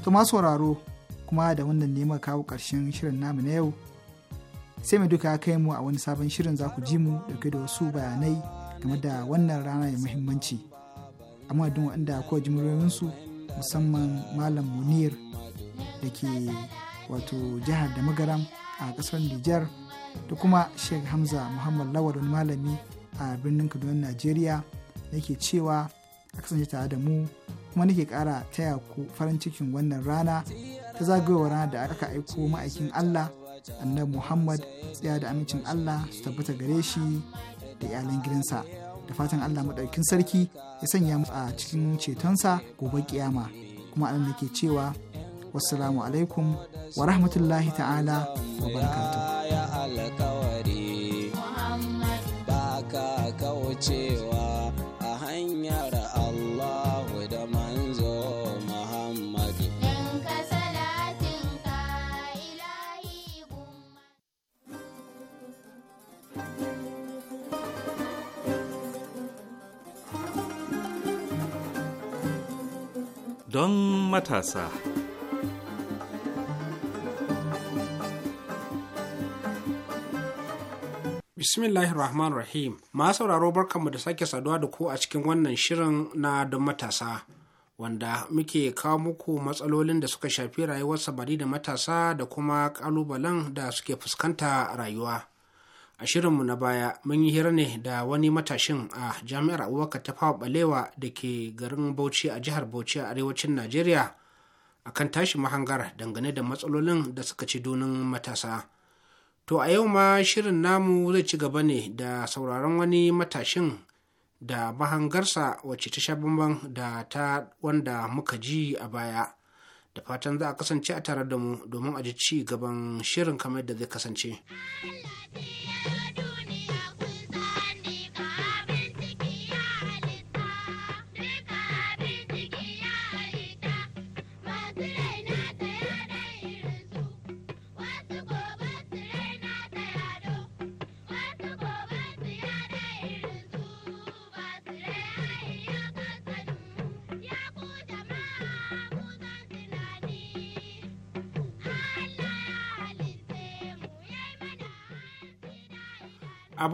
to sauraro kuma da wannan neman kawo ƙarshen shirin namu na yau sai mai duka kai mu a wani sabon shirin za ku ji mu dauke da wasu bayanai game da wannan rana ya muhimmanci amma duk wanda ko jimuriyoyinsu musamman malam munir da ke wato jihar da magaram a kasar nijar da kuma sheikh hamza muhammad wani malami a birnin kaduna najeriya da ke cewa a kasance tare da mu kuma nake kara taya ku farin cikin wannan rana ta zagayowar rana da aka aiko ma'aikin allah annabi muhammad tsaya da amincin allah su tabbata gare shi da iyalan gidansa da fatan Allah maɗaukin sarki ya sanya mu a cikin cetonsa gobe kiyama kuma anan ke cewa wassalamu alaikum wa rahmatullahi ta'ala wa barakatuh don matasa. Bismillahir Rahmanir Rahim. Ma sauraro barkanmu da sake saduwa da ku a cikin wannan shirin na don matasa. Wanda muke kawo muku matsalolin da suka shafi rayuwar sabari da matasa da kuma ƙalubalen da suke fuskanta rayuwa. a shirinmu na baya mun yi hira ne da wani matashin a jami'ar abubakar ta fawa balewa da ke garin bauchi a jihar bauchi a arewacin najeriya a kan tashi mahangar dangane da matsalolin da suka ci dunin matasa to a yau ma shirin namu zai ci gaba ne da sauraron wani matashin da mahangarsa wacce ta sha bamban da ta wanda muka ji a baya da fatan za a kasance a tare da mu domin a ji ci gaban shirin kamar da zai kasance.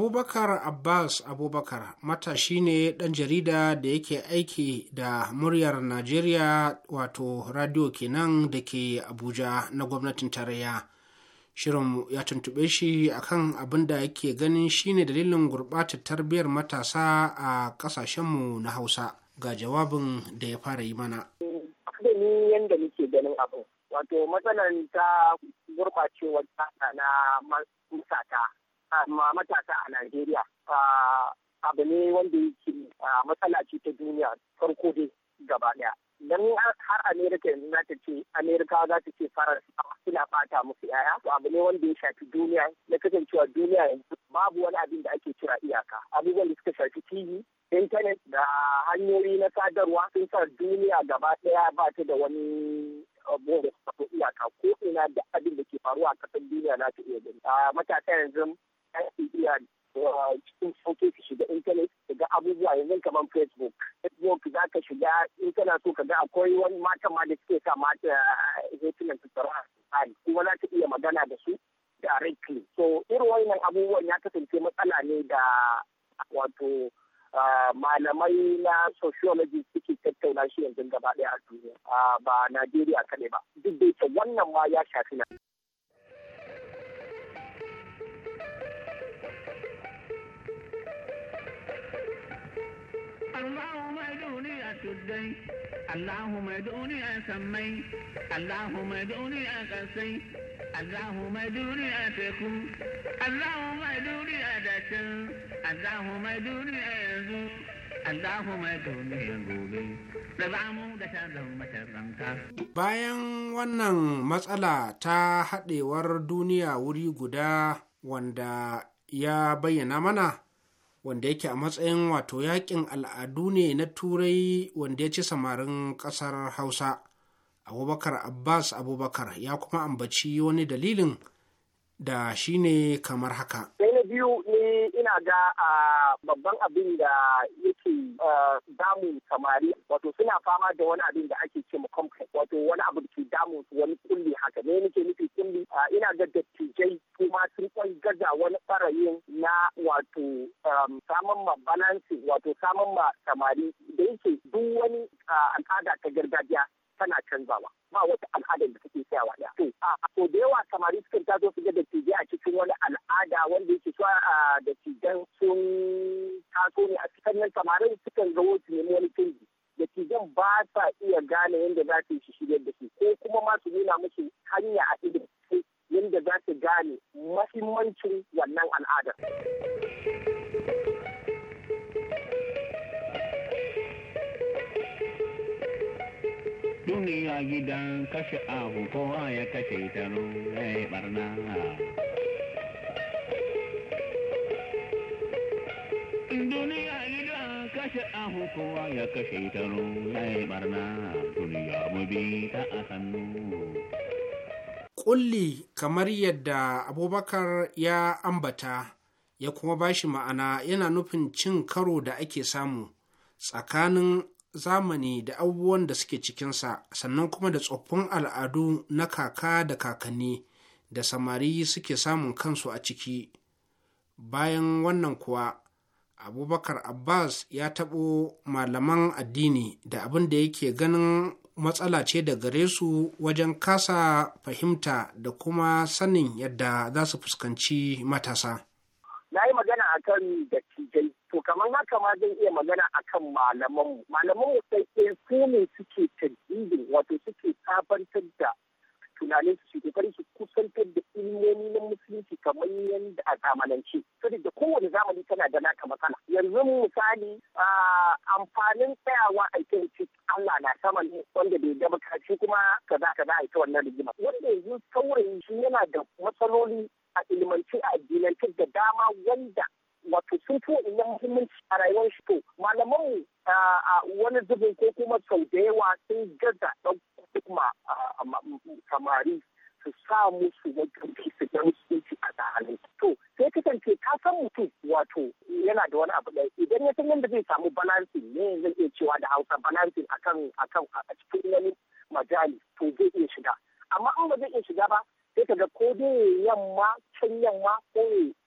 abubakar abbas abubakar matashi ne dan jarida da yake aiki da muryar najeriya wato radio kenan da ke abuja na gwamnatin tarayya shirin ya tuntube shi akan abin da yake ganin shine dalilin gurɓata tarbiyyar matasa a ƙasashenmu na hausa ga jawabin da ya fara yi mana yadda nake ganin wato matsalar ta gurɓacewar na matata matasa a Najeriya abu ne wanda yake matsala ce ta duniya farko dai gaba daya. Don har Amerika yanzu za ta ce Amerika za ta ce farar suna fata musu yaya to abu ne wanda ya shafi duniya na kasancewa duniya yanzu babu wani abin da ake kira iyaka abubuwan da suka shafi TV internet. da hanyoyi na sadarwa sun sa duniya gaba daya ba ta da wani uh, abu da iyaka ko ina da abin da ke faruwa a kasar duniya na ta iya gani matasa yanzu ake iya cikin sauƙi ka shiga intanet ka ga abubuwa yanzu kamar facebook facebook za ka shiga in kana so ka ga akwai wani mata ma da suke sa mata eh, hotunan su tsara kuma za ka iya magana da su directly so irin wannan abubuwan ya kasance matsala ne da wato eh, malamai na sociology suke tattauna shi yanzu gaba ɗaya a duniya ba Najeriya kaɗai ba duk da wannan ma ya shafi na. اللهم ادعوني أسدي اللهم ادعوني أسمي اللهم ادعوني أقصي اللهم ادعوني أتكو اللهم ادعوني أدتل Bayan wannan matsala ta haɗewar duniya wuri guda wanda ya bayyana mana wanda yake a matsayin wato yakin al'adu ne na turai wanda ya ci samarin ƙasar hausa abubakar abbas abubakar ya kuma ambaci wani dalilin da shi ne kamar haka. Sai na biyu ne ina ga a babban abin da yake damun samari wato suna fama da wani abin da ake ce complex wato wani abu da ke damun wani kulli haka ne nake nufi kulli ina ga dattijai kuma sun kwan gaza wani ɓarayin na wato um, samun ma balance wato samun ma samari da yake duk wani al'ada ta gargajiya tana canzawa ba wata al'ada da take tsayawa da to a ko da yawa samari sukan taso su ga dattijai a cikin wani al'ada wanda yake so a dattijan sun taso ne a cikin nan samarin sukan zo su nemi wani canji dattijan ba sa iya gane yadda za su yi shi shirya da su ko kuma ma su nuna musu hanya a idan yadda za su gane mahimmancin wannan al'adar. Duniya gidan kashe abu kowa ya kashe ta ya barna. Duniya gidan kashe abu kowa ya kashe ta ya barna. Duniya mu bi ta a hannu. kulli kamar yadda abubakar ya ambata ya kuma ba shi ma'ana yana nufin cin karo da ake samu tsakanin zamani da abubuwan da suke cikinsa sannan kuma da tsoffin al'adu na kaka da kakanni da samari suke samun kansu a ciki bayan wannan kuwa abubakar abbas ya taɓo malaman addini da abin da yake ganin matsala ce da gare su wajen kasa fahimta da kuma sanin yadda za su fuskanci matasa. Na yi magana a kan dattijai, to kamar haka ma zan iya magana a kan malamanmu. Malamanmu sai ɗaya su ne suke tajibin wato suke sabantar da tunanin su kokari su kusantar da ilmomi na musulunci kamar yadda a zamanance saboda kowane zamani tana da naka matsala yanzu misali amfanin tsayawa a kan Allah na sama wanda bai da bukaci kuma kaza kaza a ita wannan rigima wanda yanzu saurayi shi yana da matsaloli a ilimance a addinance da dama wanda wato sun fi wa'annan muhimmanci a rayuwar shi to malamai, wani zubin ko kuma sau da yawa sun gaza al'umma samari su sa musu wajen su don su a halin to sai kasance ka san mutum wato yana da wani abu ɗaya idan ya san yadda zai samu balancing ne zai iya cewa da hausa balancing akan akan a cikin wani majali to zai iya shiga amma in ba zai iya shiga ba sai ka ga ko dai yamma can yamma ko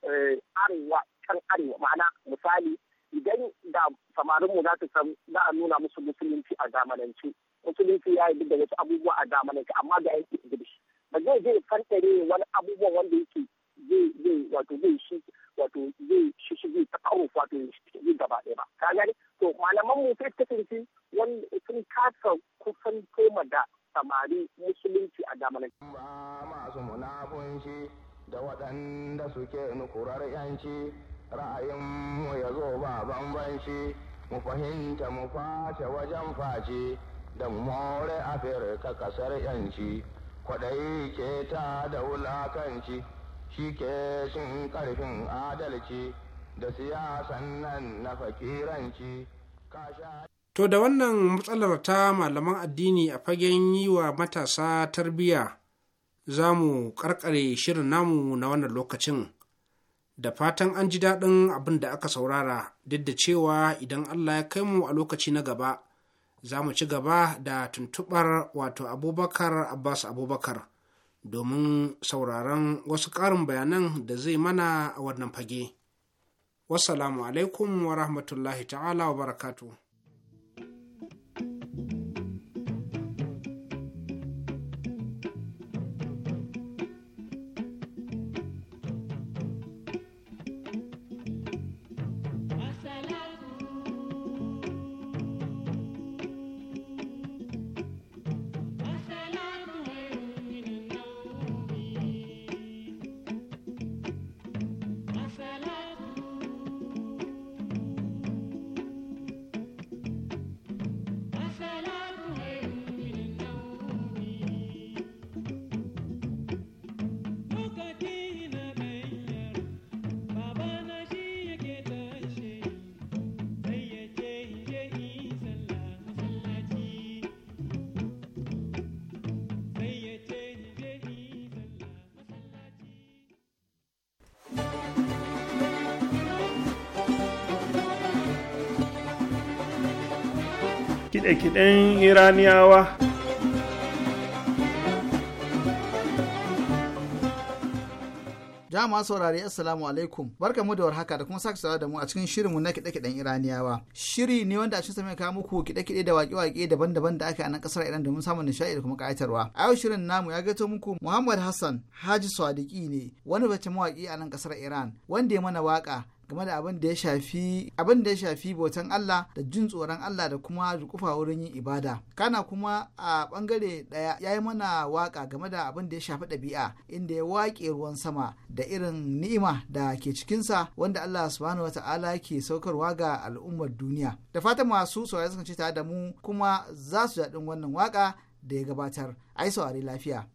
eh, arewa can arewa ma'ana misali idan da samarinmu za su san za a nuna musu musulunci a zamanance musulunci ya yi da wasu abubuwa a zamanin amma ga yanki ingilishi ba zai zai fantare wani abubuwa wanda yake zai zai wato zai shi wato zai shi shi zai tsakawo wato shi gaba ɗaya ba ka gani to malaman mu sai kasance wani sun kasa kusan koma da samari musulunci a zamanin. ba masu munafunci da waɗanda suke nukurar yanci ra'ayin mu ya zo ba bambanci mu fahimta mu face wajen face da more afirka kasar yanci kwaɗayi ke ta da wulakanci shi ke shin ƙarfin adalci da siyasan nan na fakiranci To da wannan matsalar ta malaman addini a fagen yi wa matasa tarbiyya za mu ƙarƙare shirin namu na wannan lokacin. da fatan an ji daɗin abin da aka saurara duk da cewa idan Allah ya kai mu a lokaci na gaba za mu ci gaba da tuntubar wato abubakar abbas abubakar domin sauraron wasu ƙarin bayanan da zai mana a wannan fage. wasu alaikum wa rahmatullahi ta'ala wa barakatu. kiɗe-kiɗen iraniyawa Jama'a saurari Assalamu alaikum. mu da warhaka da kuma sake sawa da mu a cikin shirinmu na kiɗe-kiɗen Iraniyawa. Shiri ne wanda a cikin mai kawo muku kiɗe-kiɗe da waƙe-waƙe daban-daban da aka yi a nan ƙasar Iran domin samun nishaɗi da kuma ƙayatarwa. A yau shirin namu ya gaito muku Muhammad Hassan Haji Sadiqi ne wani bace mawaƙi a nan ƙasar Iran wanda ya mana waƙa game da abin da ya shafi abin da ya shafi bautan Allah da jin tsoron Allah da kuma rukufa wurin yin ibada kana kuma a bangare daya yayi mana waka game da abin da ya shafi ɗabi'a inda ya waƙe ruwan sama da irin ni'ima da ke cikinsa wanda Allah subhanahu wata'ala ke saukarwa ga al'ummar duniya da fatan masu saurari suka ce tare da mu kuma za su daɗin wannan waka da ya gabatar ai saurari lafiya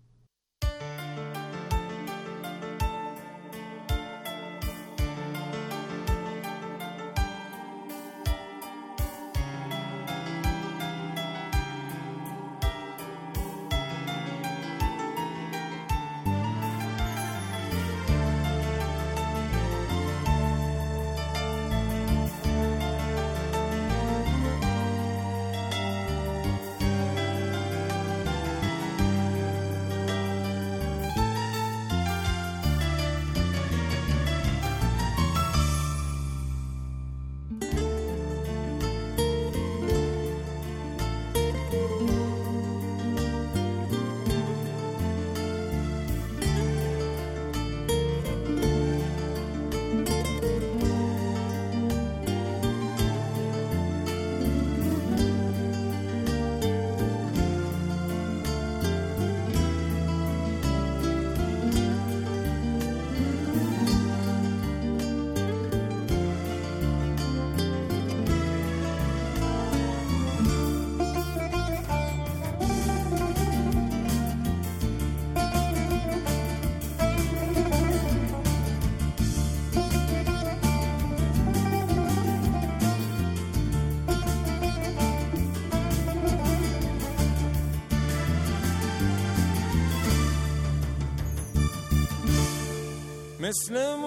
مثل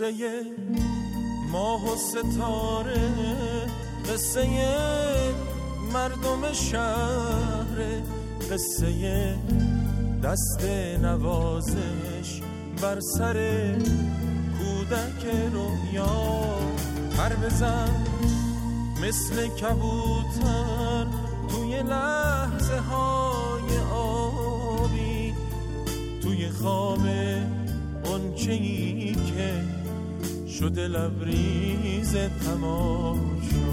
قصه ماه و ستاره قصه مردم شهر قصه دست نوازش بر سر کودک رویا هر بزن مثل کبوتر لبریز تماشا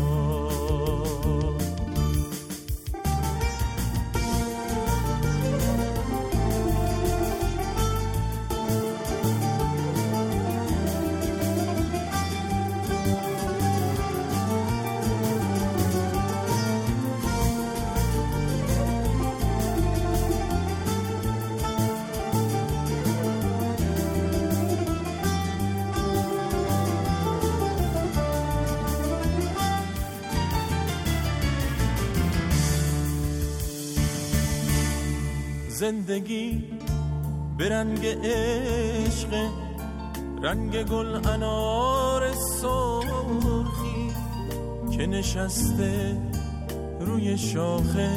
زندگی به رنگ عشق رنگ گل انار سرخی که نشسته روی شاخه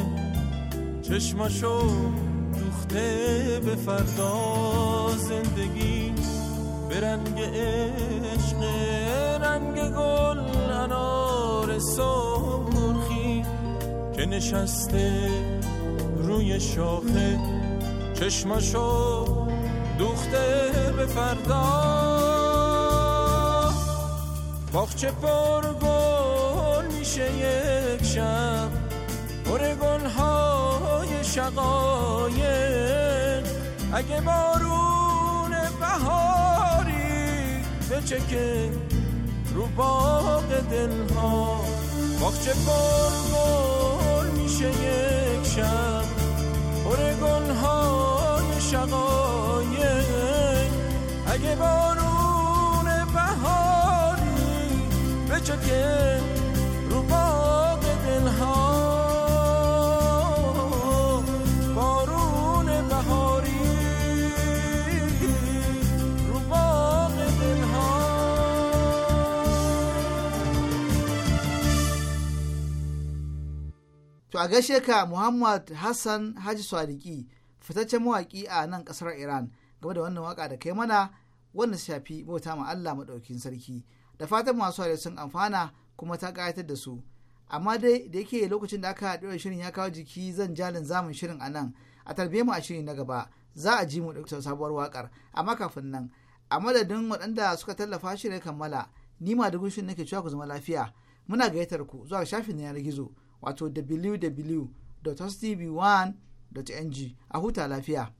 چشماشو دوخته به فردا زندگی به رنگ عشق رنگ گل انار سرخی که نشسته روی شاخه چشماشو دوخته به فردا باخچه پر گل میشه یک شب پر گل های شقایق اگه بارون بهاری بچکه رو باغ دلها باخچه پر گل میشه یک شب شقایق اگه بارون بهاری به چکه رو باق دلها بارون بهاری رو باق دلها تو اگه شکا محمد حسن حج سوالگی fitaccen mawaƙi a nan ƙasar iran game da wannan waƙa da kai mana wanda shafi bauta ma allah maɗaukin sarki da fatan masu ware sun amfana kuma ta ƙayatar da su amma dai da yake lokacin da aka ɗora shirin ya kawo jiki zan jalin zamun shirin a nan a tarbiyyar mu a shiri na gaba za a ji mu da sabuwar waƙar amma kafin nan a madadin waɗanda suka tallafa shirin kammala ni ma da gunshin nake cewa ku zama lafiya muna gayyatar ku zuwa shafin yanar gizo wato www.hostv1 wwwtv a huta lafiya.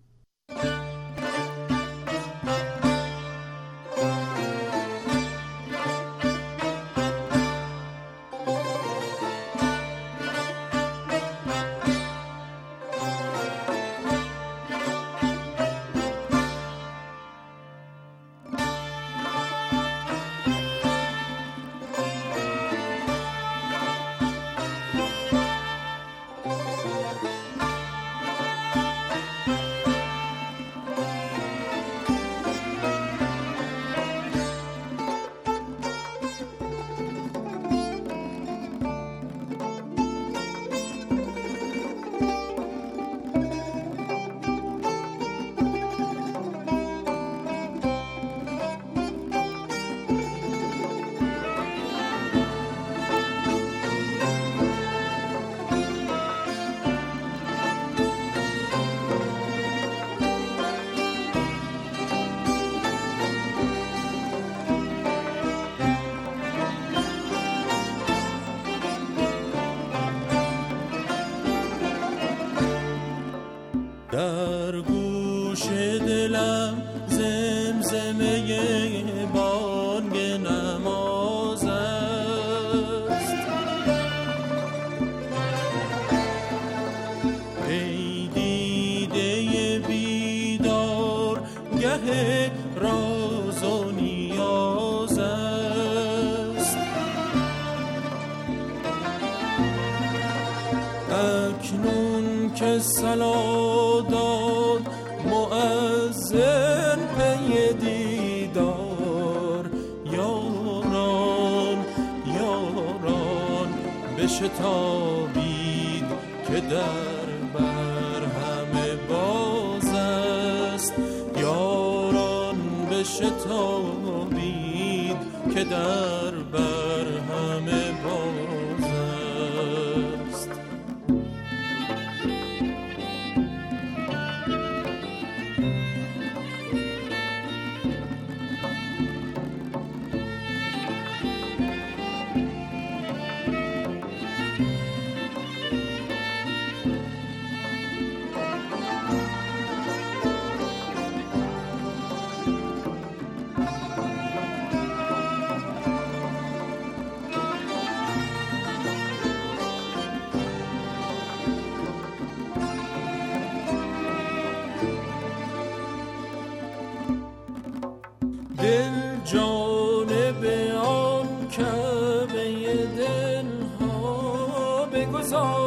دل جانب آن کبه دل ها بگذار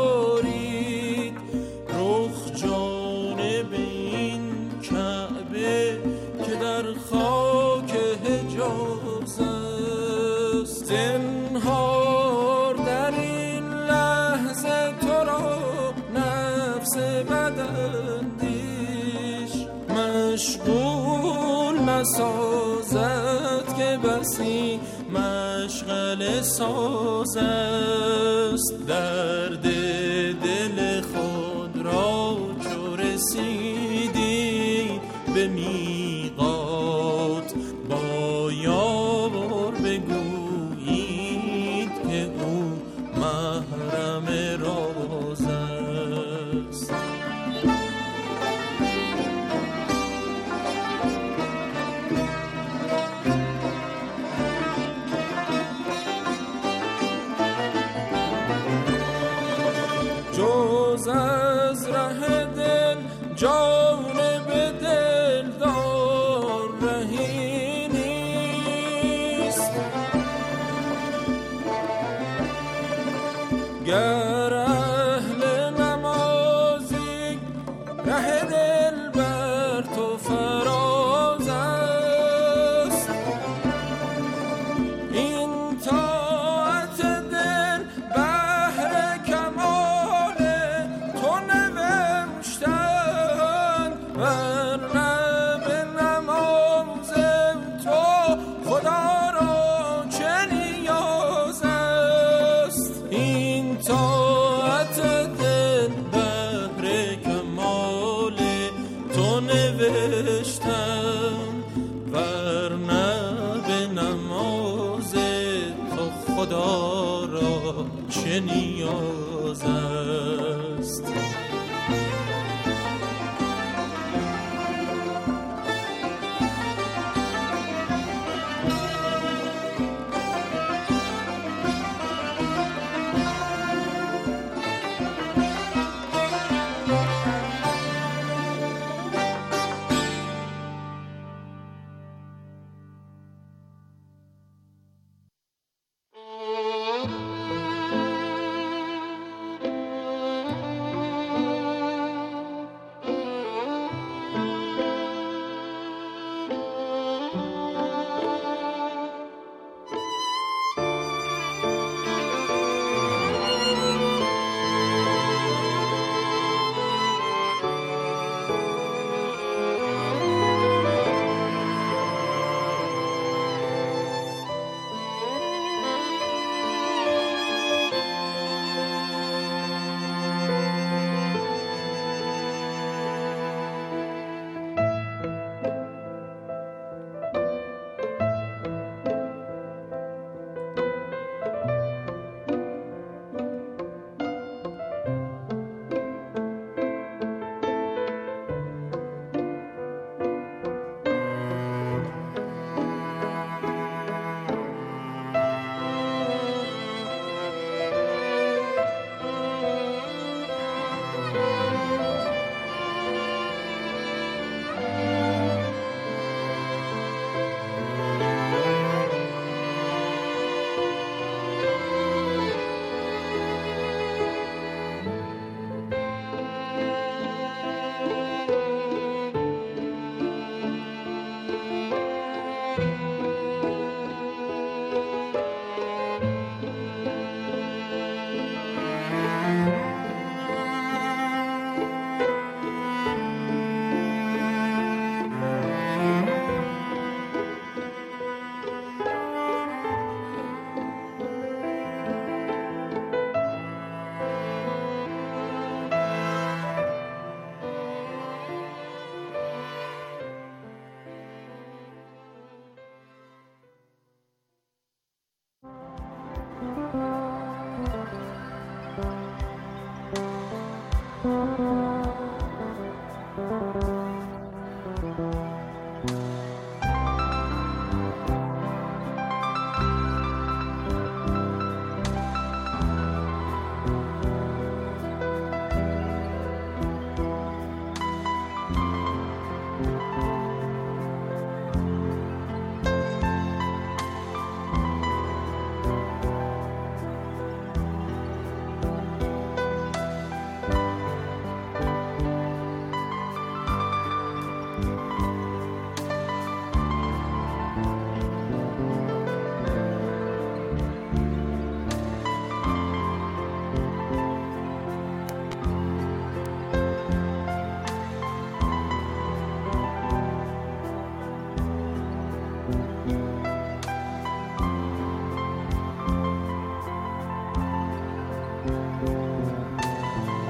ساز است در